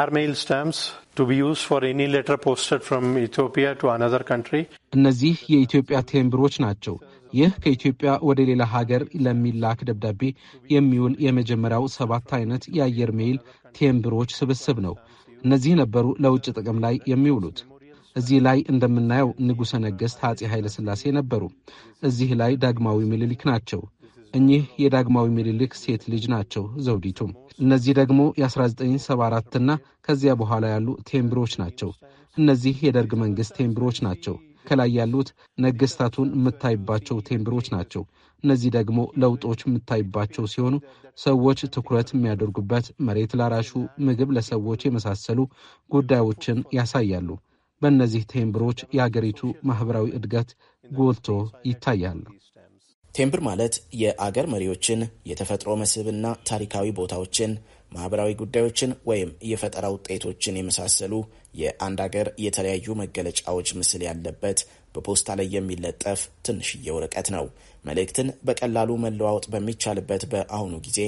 [SPEAKER 7] አርሜይል ስታምፕስ ቱ ቢ ዩዝድ ፎር ኤኒ ሌተር ፖስተድ ፍሮም ኢትዮጵያ ቱ አናዘር
[SPEAKER 9] ካንትሪ እነዚህ የኢትዮጵያ ቴምብሮች ናቸው። ይህ ከኢትዮጵያ ወደ ሌላ ሀገር ለሚላክ ደብዳቤ የሚውል የመጀመሪያው ሰባት አይነት የአየር ሜይል ቴምብሮች ስብስብ ነው። እነዚህ ነበሩ ለውጭ ጥቅም ላይ የሚውሉት። እዚህ ላይ እንደምናየው ንጉሠ ነገሥት አጼ ኃይለ ሥላሴ ነበሩ። እዚህ ላይ ዳግማዊ ምኒልክ ናቸው። እኚህ የዳግማዊ ምኒልክ ሴት ልጅ ናቸው ዘውዲቱም እነዚህ ደግሞ የ1974 እና ከዚያ በኋላ ያሉ ቴምብሮች ናቸው። እነዚህ የደርግ መንግሥት ቴምብሮች ናቸው። ከላይ ያሉት ነገሥታቱን የምታይባቸው ቴምብሮች ናቸው። እነዚህ ደግሞ ለውጦች የምታይባቸው ሲሆኑ ሰዎች ትኩረት የሚያደርጉበት መሬት ላራሹ፣ ምግብ ለሰዎች የመሳሰሉ ጉዳዮችን ያሳያሉ። በእነዚህ ቴምብሮች የአገሪቱ ማኅበራዊ እድገት ጎልቶ ይታያል።
[SPEAKER 2] ቴምብር ማለት የአገር መሪዎችን፣ የተፈጥሮ መስህብና ታሪካዊ ቦታዎችን፣ ማህበራዊ ጉዳዮችን ወይም የፈጠራ ውጤቶችን የመሳሰሉ የአንድ አገር የተለያዩ መገለጫዎች ምስል ያለበት በፖስታ ላይ የሚለጠፍ ትንሽዬ ወረቀት ነው። መልእክትን በቀላሉ መለዋወጥ በሚቻልበት በአሁኑ ጊዜ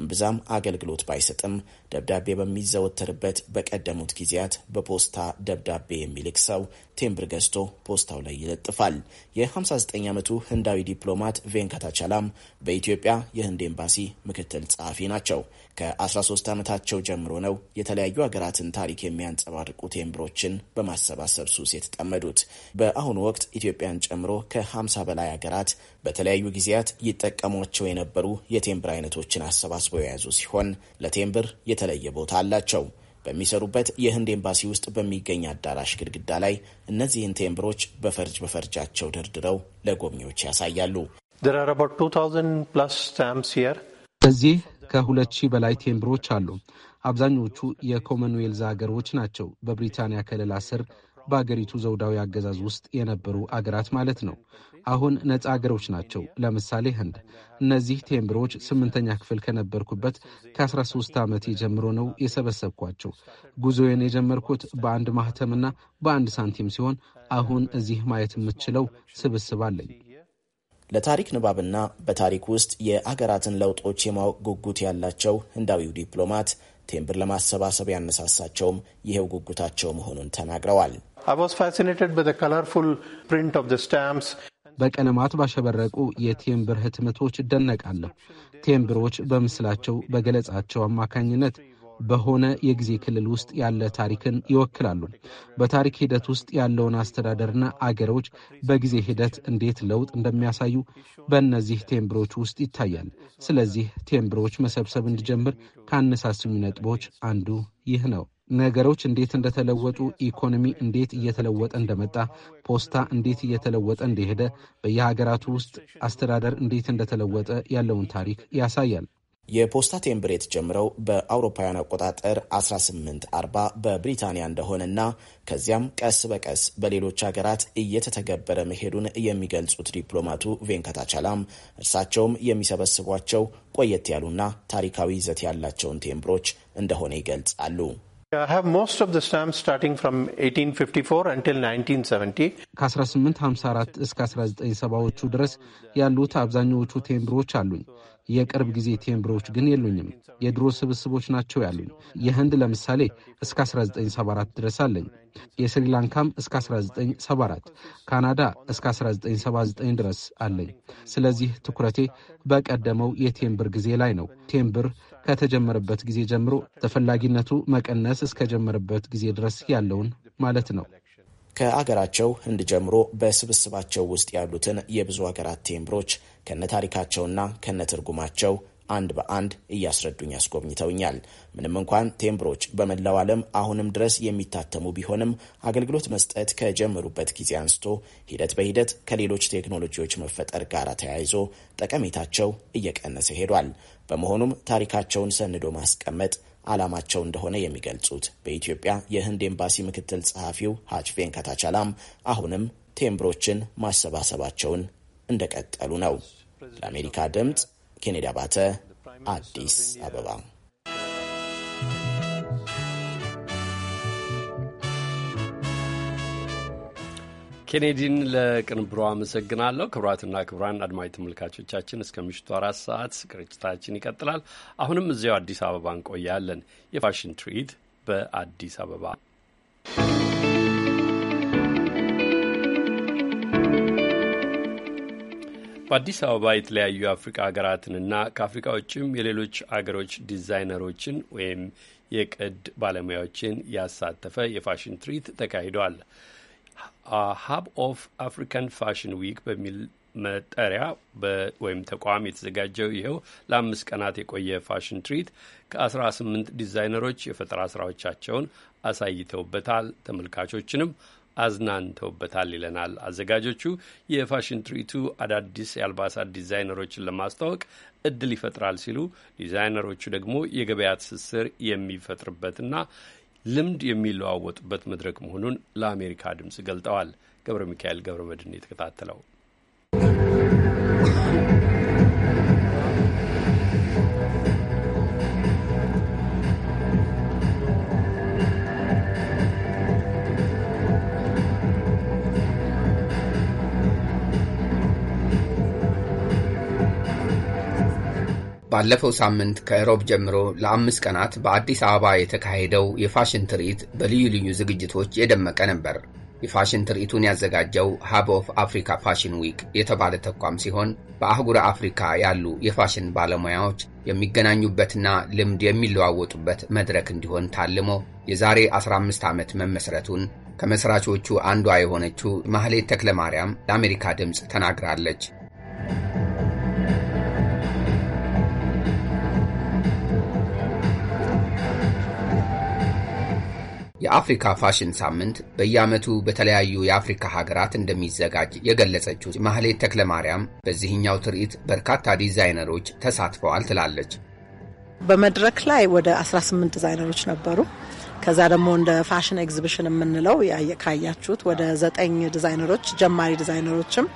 [SPEAKER 2] እምብዛም አገልግሎት ባይሰጥም ደብዳቤ በሚዘወተርበት በቀደሙት ጊዜያት በፖስታ ደብዳቤ የሚልክ ሰው ቴምብር ገዝቶ ፖስታው ላይ ይለጥፋል። የ59 ዓመቱ ህንዳዊ ዲፕሎማት ቬንካታቻላም በኢትዮጵያ የህንድ ኤምባሲ ምክትል ጸሐፊ ናቸው። ከ13 ዓመታቸው ጀምሮ ነው የተለያዩ ሀገራትን ታሪክ የሚያንጸባርቁ ቴምብሮችን በማሰባሰብ ሱስ የተጠመዱት። በአሁኑ ወቅት ኢትዮጵያን ጨምሮ ከ50 በላይ ሀገራት በተ በተለያዩ ጊዜያት ይጠቀሟቸው የነበሩ የቴምብር አይነቶችን አሰባስበው የያዙ ሲሆን ለቴምብር የተለየ ቦታ አላቸው። በሚሰሩበት የህንድ ኤምባሲ ውስጥ በሚገኝ አዳራሽ ግድግዳ ላይ እነዚህን ቴምብሮች በፈርጅ በፈርጃቸው ደርድረው ለጎብኚዎች ያሳያሉ።
[SPEAKER 9] እዚህ ከሁለት ሺህ በላይ ቴምብሮች አሉ። አብዛኞቹ የኮመንዌልዝ አገሮች ናቸው። በብሪታንያ ከለላ ስር በአገሪቱ ዘውዳዊ አገዛዝ ውስጥ የነበሩ አገራት ማለት ነው። አሁን ነፃ አገሮች ናቸው። ለምሳሌ ህንድ። እነዚህ ቴምብሮች ስምንተኛ ክፍል ከነበርኩበት ከ13 ዓመት ጀምሮ ነው የሰበሰብኳቸው። ጉዞዬን የጀመርኩት በአንድ ማህተምና በአንድ ሳንቲም ሲሆን አሁን እዚህ ማየት የምችለው ስብስብ አለኝ።
[SPEAKER 2] ለታሪክ ንባብና በታሪክ ውስጥ የአገራትን ለውጦች የማወቅ ጉጉት ያላቸው ህንዳዊው ዲፕሎማት ቴምብር ለማሰባሰብ ያነሳሳቸውም ይኸው ጉጉታቸው መሆኑን ተናግረዋል።
[SPEAKER 9] በቀለማት ባሸበረቁ የቴምብር ህትመቶች እደነቃለሁ። ቴምብሮች በምስላቸው፣ በገለጻቸው አማካኝነት በሆነ የጊዜ ክልል ውስጥ ያለ ታሪክን ይወክላሉ። በታሪክ ሂደት ውስጥ ያለውን አስተዳደርና አገሮች በጊዜ ሂደት እንዴት ለውጥ እንደሚያሳዩ በእነዚህ ቴምብሮች ውስጥ ይታያል። ስለዚህ ቴምብሮች መሰብሰብ እንዲጀምር ካነሳሱኝ ነጥቦች አንዱ ይህ ነው። ነገሮች እንዴት እንደተለወጡ፣ ኢኮኖሚ እንዴት እየተለወጠ እንደመጣ፣ ፖስታ እንዴት እየተለወጠ እንደሄደ፣ በየሀገራቱ ውስጥ አስተዳደር እንዴት እንደተለወጠ
[SPEAKER 2] ያለውን ታሪክ ያሳያል። የፖስታ ቴምብር የተጀምረው በአውሮፓውያን አቆጣጠር 1840 በብሪታንያ እንደሆነና ከዚያም ቀስ በቀስ በሌሎች ሀገራት እየተተገበረ መሄዱን የሚገልጹት ዲፕሎማቱ ቬንካታቻላም እርሳቸውም የሚሰበስቧቸው ቆየት ያሉና ታሪካዊ ይዘት ያላቸውን ቴምብሮች እንደሆነ ይገልጻሉ።
[SPEAKER 7] ከ1854
[SPEAKER 9] እስከ 1970ዎቹ ድረስ ያሉት አብዛኛዎቹ ቴምብሮች አሉኝ። የቅርብ ጊዜ ቴምብሮች ግን የሉኝም። የድሮ ስብስቦች ናቸው ያሉኝ። የህንድ ለምሳሌ እስከ 1974 ድረስ አለኝ። የስሪላንካም እስከ 1974፣ ካናዳ እስከ 1979 ድረስ አለኝ። ስለዚህ ትኩረቴ በቀደመው የቴምብር ጊዜ ላይ ነው። ቴምብር ከተጀመረበት ጊዜ ጀምሮ ተፈላጊነቱ መቀነስ እስከጀመረበት ጊዜ ድረስ ያለውን ማለት ነው።
[SPEAKER 2] ከአገራቸው ህንድ ጀምሮ በስብስባቸው ውስጥ ያሉትን የብዙ ሀገራት ቴምብሮች ከነ ትርጉማቸው አንድ በአንድ እያስረዱኝ ያስጎብኝተውኛል። ምንም እንኳን ቴምብሮች በመላው ዓለም አሁንም ድረስ የሚታተሙ ቢሆንም አገልግሎት መስጠት ከጀመሩበት ጊዜ አንስቶ ሂደት በሂደት ከሌሎች ቴክኖሎጂዎች መፈጠር ጋር ተያይዞ ጠቀሜታቸው እየቀነሰ ሄዷል። በመሆኑም ታሪካቸውን ሰንዶ ማስቀመጥ ዓላማቸው እንደሆነ የሚገልጹት በኢትዮጵያ የህንድ ኤምባሲ ምክትል ጸሐፊው ሀጅ ቬንካታቻላም አሁንም ቴምብሮችን ማሰባሰባቸውን እንደቀጠሉ ነው። ለአሜሪካ ድምፅ ኬኔዲ አባተ አዲስ አበባ
[SPEAKER 1] ኬኔዲን ለቅንብሮ አመሰግናለሁ። ክቡራትና ክቡራን አድማጭ ተመልካቾቻችን እስከ ምሽቱ አራት ሰዓት ስርጭታችን ይቀጥላል። አሁንም እዚያው አዲስ አበባ እንቆያለን። የፋሽን ትርኢት በአዲስ አበባ በአዲስ አበባ የተለያዩ አፍሪካ ሀገራትንና ከአፍሪካ ውጭም የሌሎች አገሮች ዲዛይነሮችን ወይም የቅድ ባለሙያዎችን ያሳተፈ የፋሽን ትርኢት ተካሂዷል። ሀብ ኦፍ አፍሪካን ፋሽን ዊክ በሚል መጠሪያ ወይም ተቋም የተዘጋጀው ይኸው ለአምስት ቀናት የቆየ ፋሽን ትርኢት ከ18 ዲዛይነሮች የፈጠራ ስራዎቻቸውን አሳይተውበታል። ተመልካቾችንም አዝናንተውበታል ይለናል አዘጋጆቹ። የፋሽን ትርኢቱ አዳዲስ የአልባሳት ዲዛይነሮችን ለማስተዋወቅ እድል ይፈጥራል ሲሉ ዲዛይነሮቹ ደግሞ የገበያ ትስስር የሚፈጥርበትና ልምድ የሚለዋወጡበት መድረክ መሆኑን ለአሜሪካ ድምፅ ገልጠዋል። ገብረ ሚካኤል ገብረ መድን የተከታተለው
[SPEAKER 10] ባለፈው ሳምንት ከእሮብ ጀምሮ ለአምስት ቀናት በአዲስ አበባ የተካሄደው የፋሽን ትርኢት በልዩ ልዩ ዝግጅቶች የደመቀ ነበር። የፋሽን ትርኢቱን ያዘጋጀው ሀብ ኦፍ አፍሪካ ፋሽን ዊክ የተባለ ተቋም ሲሆን በአህጉረ አፍሪካ ያሉ የፋሽን ባለሙያዎች የሚገናኙበትና ልምድ የሚለዋወጡበት መድረክ እንዲሆን ታልሞ የዛሬ 15 ዓመት መመስረቱን ከመስራቾቹ አንዷ የሆነችው ማህሌት ተክለማርያም ለአሜሪካ ድምፅ ተናግራለች። የአፍሪካ ፋሽን ሳምንት በየዓመቱ በተለያዩ የአፍሪካ ሀገራት እንደሚዘጋጅ የገለጸችው ማህሌት ተክለ ማርያም በዚህኛው ትርኢት በርካታ ዲዛይነሮች ተሳትፈዋል ትላለች።
[SPEAKER 11] በመድረክ ላይ ወደ 18 ዲዛይነሮች ነበሩ። ከዛ ደግሞ እንደ ፋሽን ኤግዚቢሽን የምንለው ካያችሁት ወደ ዘጠኝ ዲዛይነሮች ጀማሪ ዲዛይነሮችም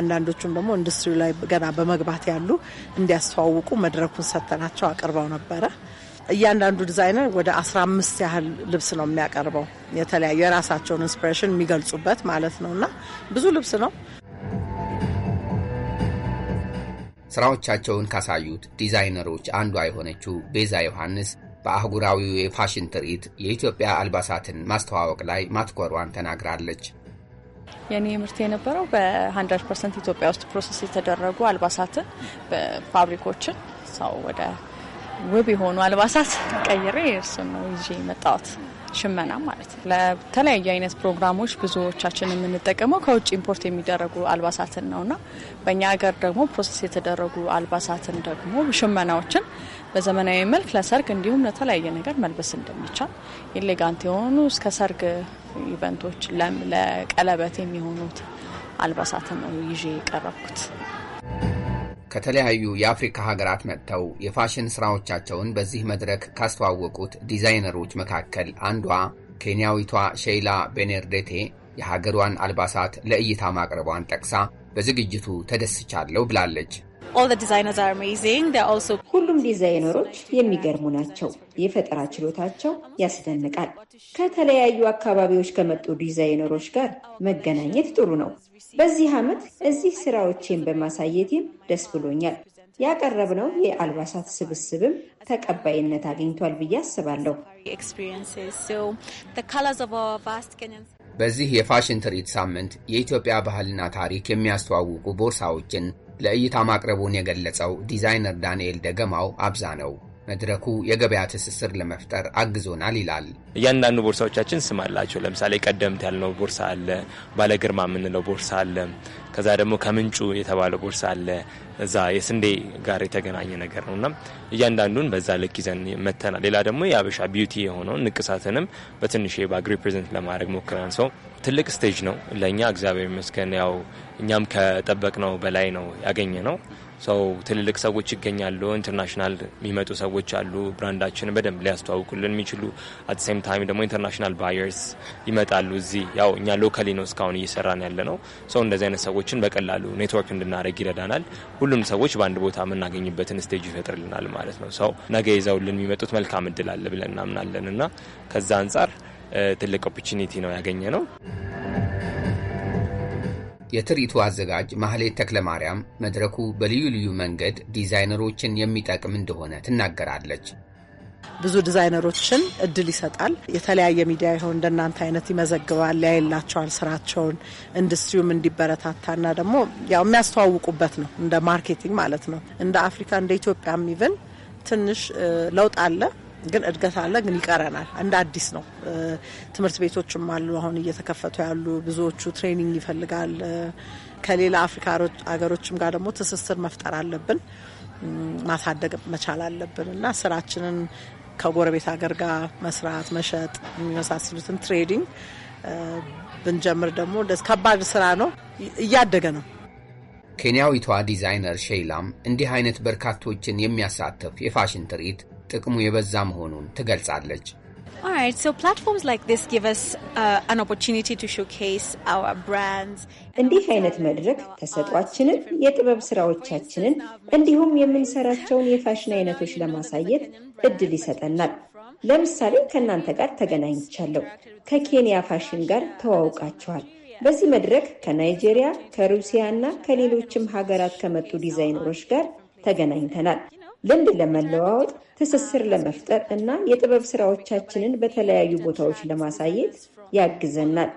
[SPEAKER 11] አንዳንዶቹም ደግሞ ኢንዱስትሪው ላይ ገና በመግባት ያሉ እንዲያስተዋውቁ መድረኩን ሰጥተናቸው አቅርበው ነበረ። እያንዳንዱ ዲዛይነር ወደ 15 ያህል ልብስ ነው የሚያቀርበው የተለያዩ የራሳቸውን ኢንስፒሬሽን የሚገልጹበት ማለት ነው እና ብዙ ልብስ ነው።
[SPEAKER 10] ስራዎቻቸውን ካሳዩት ዲዛይነሮች አንዷ የሆነችው ቤዛ ዮሐንስ በአህጉራዊው የፋሽን ትርኢት የኢትዮጵያ አልባሳትን ማስተዋወቅ ላይ ማትኮሯን ተናግራለች።
[SPEAKER 13] የኔ ምርት የነበረው በ100 ፐርሰንት ኢትዮጵያ ውስጥ ፕሮሰስ የተደረጉ አልባሳትን በፋብሪኮችን ሰው ወደ ውብ የሆኑ አልባሳት ቀይሬ እርሱን ነው ይዤ መጣሁት። ሽመና ማለት ነው። ለተለያዩ አይነት ፕሮግራሞች ብዙዎቻችን የምንጠቀመው ከውጭ ኢምፖርት የሚደረጉ አልባሳትን ነውና በእኛ ሀገር ደግሞ ፕሮሰስ የተደረጉ አልባሳትን ደግሞ ሽመናዎችን በዘመናዊ መልክ ለሰርግ እንዲሁም ለተለያየ ነገር መልበስ እንደሚቻል ኢሌጋንት የሆኑ እስከ ሰርግ ኢቨንቶች፣ ለቀለበት የሚሆኑት አልባሳትን ነው ይዤ የቀረብኩት።
[SPEAKER 10] ከተለያዩ የአፍሪካ ሀገራት መጥተው የፋሽን ሥራዎቻቸውን በዚህ መድረክ ካስተዋወቁት ዲዛይነሮች መካከል አንዷ ኬንያዊቷ ሼይላ ቤኔርዴቴ የሀገሯን አልባሳት ለእይታ ማቅረቧን ጠቅሳ በዝግጅቱ ተደስቻለሁ ብላለች።
[SPEAKER 2] ሁሉም ዲዛይነሮች የሚገርሙ ናቸው። የፈጠራ ችሎታቸው ያስደንቃል። ከተለያዩ አካባቢዎች ከመጡ ዲዛይነሮች ጋር መገናኘት ጥሩ ነው። በዚህ ዓመት እዚህ ስራዎቼን በማሳየቴም ደስ ብሎኛል። ያቀረብነው የአልባሳት ስብስብም ተቀባይነት አግኝቷል ብዬ አስባለሁ።
[SPEAKER 10] በዚህ የፋሽን ትርኢት ሳምንት የኢትዮጵያ ባህልና ታሪክ የሚያስተዋውቁ ቦርሳዎችን ለእይታ ማቅረቡን የገለጸው ዲዛይነር ዳንኤል ደገማው አብዛ ነው። መድረኩ የገበያ ትስስር ለመፍጠር አግዞናል ይላል።
[SPEAKER 6] እያንዳንዱ ቦርሳዎቻችን ስም አላቸው። ለምሳሌ ቀደምት ያልነው ቦርሳ አለ፣ ባለግርማ የምንለው ቦርሳ አለ። ከዛ ደግሞ ከምንጩ የተባለው ቦርሳ አለ። እዛ የስንዴ ጋር የተገናኘ ነገር ነው እና እያንዳንዱን በዛ ልክ ይዘን መተናል። ሌላ ደግሞ የአበሻ ቢዩቲ የሆነውን ንቅሳትንም በትንሽ በአግሪ ፕሬዘንት ለማድረግ ሞክረናል። ሰው ትልቅ ስቴጅ ነው ለእኛ እግዚአብሔር ይመስገን። ያው እኛም ከጠበቅነው በላይ ነው ያገኘ ነው ሰው ትልልቅ ሰዎች ይገኛሉ። ኢንተርናሽናል የሚመጡ ሰዎች አሉ። ብራንዳችን በደንብ ሊያስተዋውቁልን የሚችሉ አት ሴም ታይም ደግሞ ኢንተርናሽናል ባየርስ ይመጣሉ። እዚህ ያው እኛ ሎካሊ ነው እስካሁን እየሰራን ያለ ነው። ሰው እንደዚህ አይነት ሰዎችን በቀላሉ ኔትወርክ እንድናደረግ ይረዳናል። ሁሉም ሰዎች በአንድ ቦታ የምናገኝበትን ስቴጅ ይፈጥርልናል ማለት ነው። ሰው ነገ ይዘውልን የሚመጡት መልካም እድል አለ ብለን እናምናለን እና ከዛ አንጻር ትልቅ ኦፖርቹኒቲ ነው ያገኘ ነው።
[SPEAKER 10] የትርኢቱ አዘጋጅ ማህሌት ተክለማርያም መድረኩ በልዩ ልዩ መንገድ ዲዛይነሮችን የሚጠቅም እንደሆነ ትናገራለች።
[SPEAKER 11] ብዙ ዲዛይነሮችን እድል ይሰጣል። የተለያየ ሚዲያ ይሆን እንደናንተ አይነት ይመዘግባል፣ ያይላቸዋል ስራቸውን ኢንዱስትሪውም እንዲበረታታና ደግሞ ያው የሚያስተዋውቁበት ነው እንደ ማርኬቲንግ ማለት ነው። እንደ አፍሪካ እንደ ኢትዮጵያ ሚብን ትንሽ ለውጥ አለ። ግን እድገት አለ፣ ግን ይቀረናል። እንደ አዲስ ነው። ትምህርት ቤቶችም አሉ አሁን እየተከፈቱ ያሉ ብዙዎቹ ትሬኒንግ ይፈልጋል። ከሌላ አፍሪካ ሀገሮችም ጋር ደግሞ ትስስር መፍጠር አለብን፣ ማሳደግ መቻል አለብን እና ስራችንን ከጎረቤት ሀገር ጋር መስራት፣ መሸጥ የሚመሳስሉትን ትሬዲንግ ብንጀምር ደግሞ ከባድ ስራ ነው። እያደገ ነው።
[SPEAKER 10] ኬንያዊቷ ዲዛይነር ሼይላም እንዲህ አይነት በርካቶችን የሚያሳተፍ የፋሽን ትርኢት ጥቅሙ የበዛ መሆኑን ትገልጻለች።
[SPEAKER 11] uh,
[SPEAKER 2] እንዲህ አይነት መድረክ ተሰጧችንን፣ የጥበብ ስራዎቻችንን እንዲሁም የምንሰራቸውን የፋሽን አይነቶች ለማሳየት እድል ይሰጠናል። ለምሳሌ ከእናንተ ጋር ተገናኝቻለሁ። ከኬንያ ፋሽን ጋር ተዋውቃችኋል። በዚህ መድረክ ከናይጄሪያ፣ ከሩሲያ እና ከሌሎችም ሀገራት ከመጡ ዲዛይነሮች ጋር ተገናኝተናል። ልምድ ለመለዋወጥ ትስስር ለመፍጠር እና የጥበብ ስራዎቻችንን በተለያዩ ቦታዎች ለማሳየት ያግዘናል።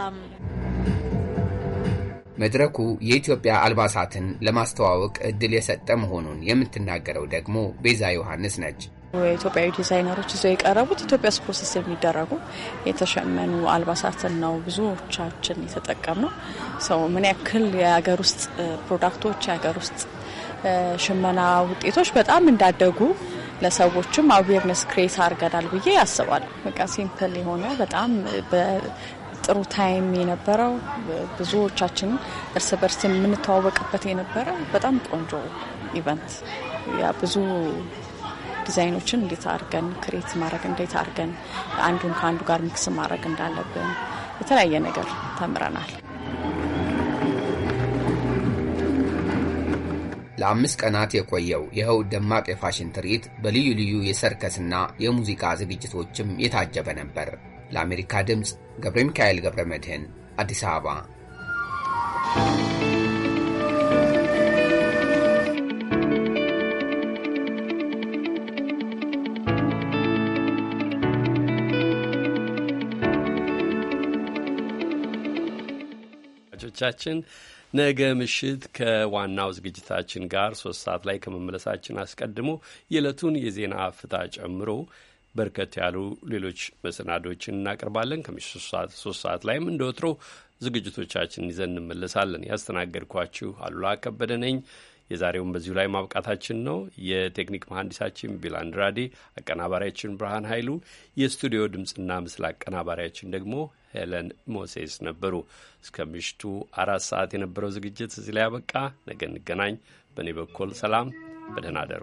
[SPEAKER 2] um, መድረኩ
[SPEAKER 10] የኢትዮጵያ አልባሳትን ለማስተዋወቅ እድል የሰጠ መሆኑን የምትናገረው ደግሞ ቤዛ ዮሐንስ ነች።
[SPEAKER 13] የኢትዮጵያ ዲዛይነሮች ይዘው የቀረቡት ኢትዮጵያ ውስጥ የሚደረጉ የተሸመኑ አልባሳትን ነው ብዙዎቻችን ነው። ሰው ምን ያክል የሀገር ውስጥ ፕሮዳክቶች የሀገር ውስጥ ሽመና ውጤቶች በጣም እንዳደጉ ለሰዎችም አዌርነስ ክሬት አድርገናል ብዬ ያስባል በቃ ሲምፕል የሆነ በጣም ጥሩ ታይም የነበረው ብዙዎቻችን እርስ በርስ የምንተዋወቅበት የነበረ በጣም ቆንጆ ኢቨንት ብዙ ዲዛይኖችን እንዴት አድርገን ክሬት ማድረግ እንዴት አድርገን አንዱን ከአንዱ ጋር ሚክስ ማድረግ እንዳለብን የተለያየ ነገር ተምረናል።
[SPEAKER 10] ለአምስት ቀናት የቆየው ይኸው ደማቅ የፋሽን ትርኢት በልዩ ልዩ የሰርከስና የሙዚቃ ዝግጅቶችም የታጀበ ነበር። ለአሜሪካ ድምፅ ገብረ ሚካኤል ገብረ መድህን አዲስ አበባ
[SPEAKER 1] አድማጮቻችን ነገ ምሽት ከዋናው ዝግጅታችን ጋር ሶስት ሰዓት ላይ ከመመለሳችን አስቀድሞ የዕለቱን የዜና አፍታ ጨምሮ በርከት ያሉ ሌሎች መሰናዶችን እናቀርባለን። ከምሽቱ ሶስት ሰዓት ላይም እንደ ወትሮ ዝግጅቶቻችን ይዘን እንመለሳለን። ያስተናገድኳችሁ አሉላ ከበደ ነኝ። የዛሬውን በዚሁ ላይ ማብቃታችን ነው። የቴክኒክ መሐንዲሳችን ቢላንድራዴ አቀናባሪያችን ብርሃን ኃይሉ፣ የስቱዲዮ ድምፅና ምስል አቀናባሪያችን ደግሞ ሄለን ሞሴስ ነበሩ። እስከ ምሽቱ አራት ሰዓት የነበረው ዝግጅት እዚህ ላይ ያበቃ። ነገ እንገናኝ። በእኔ በኩል ሰላም፣ በደህና አደሩ።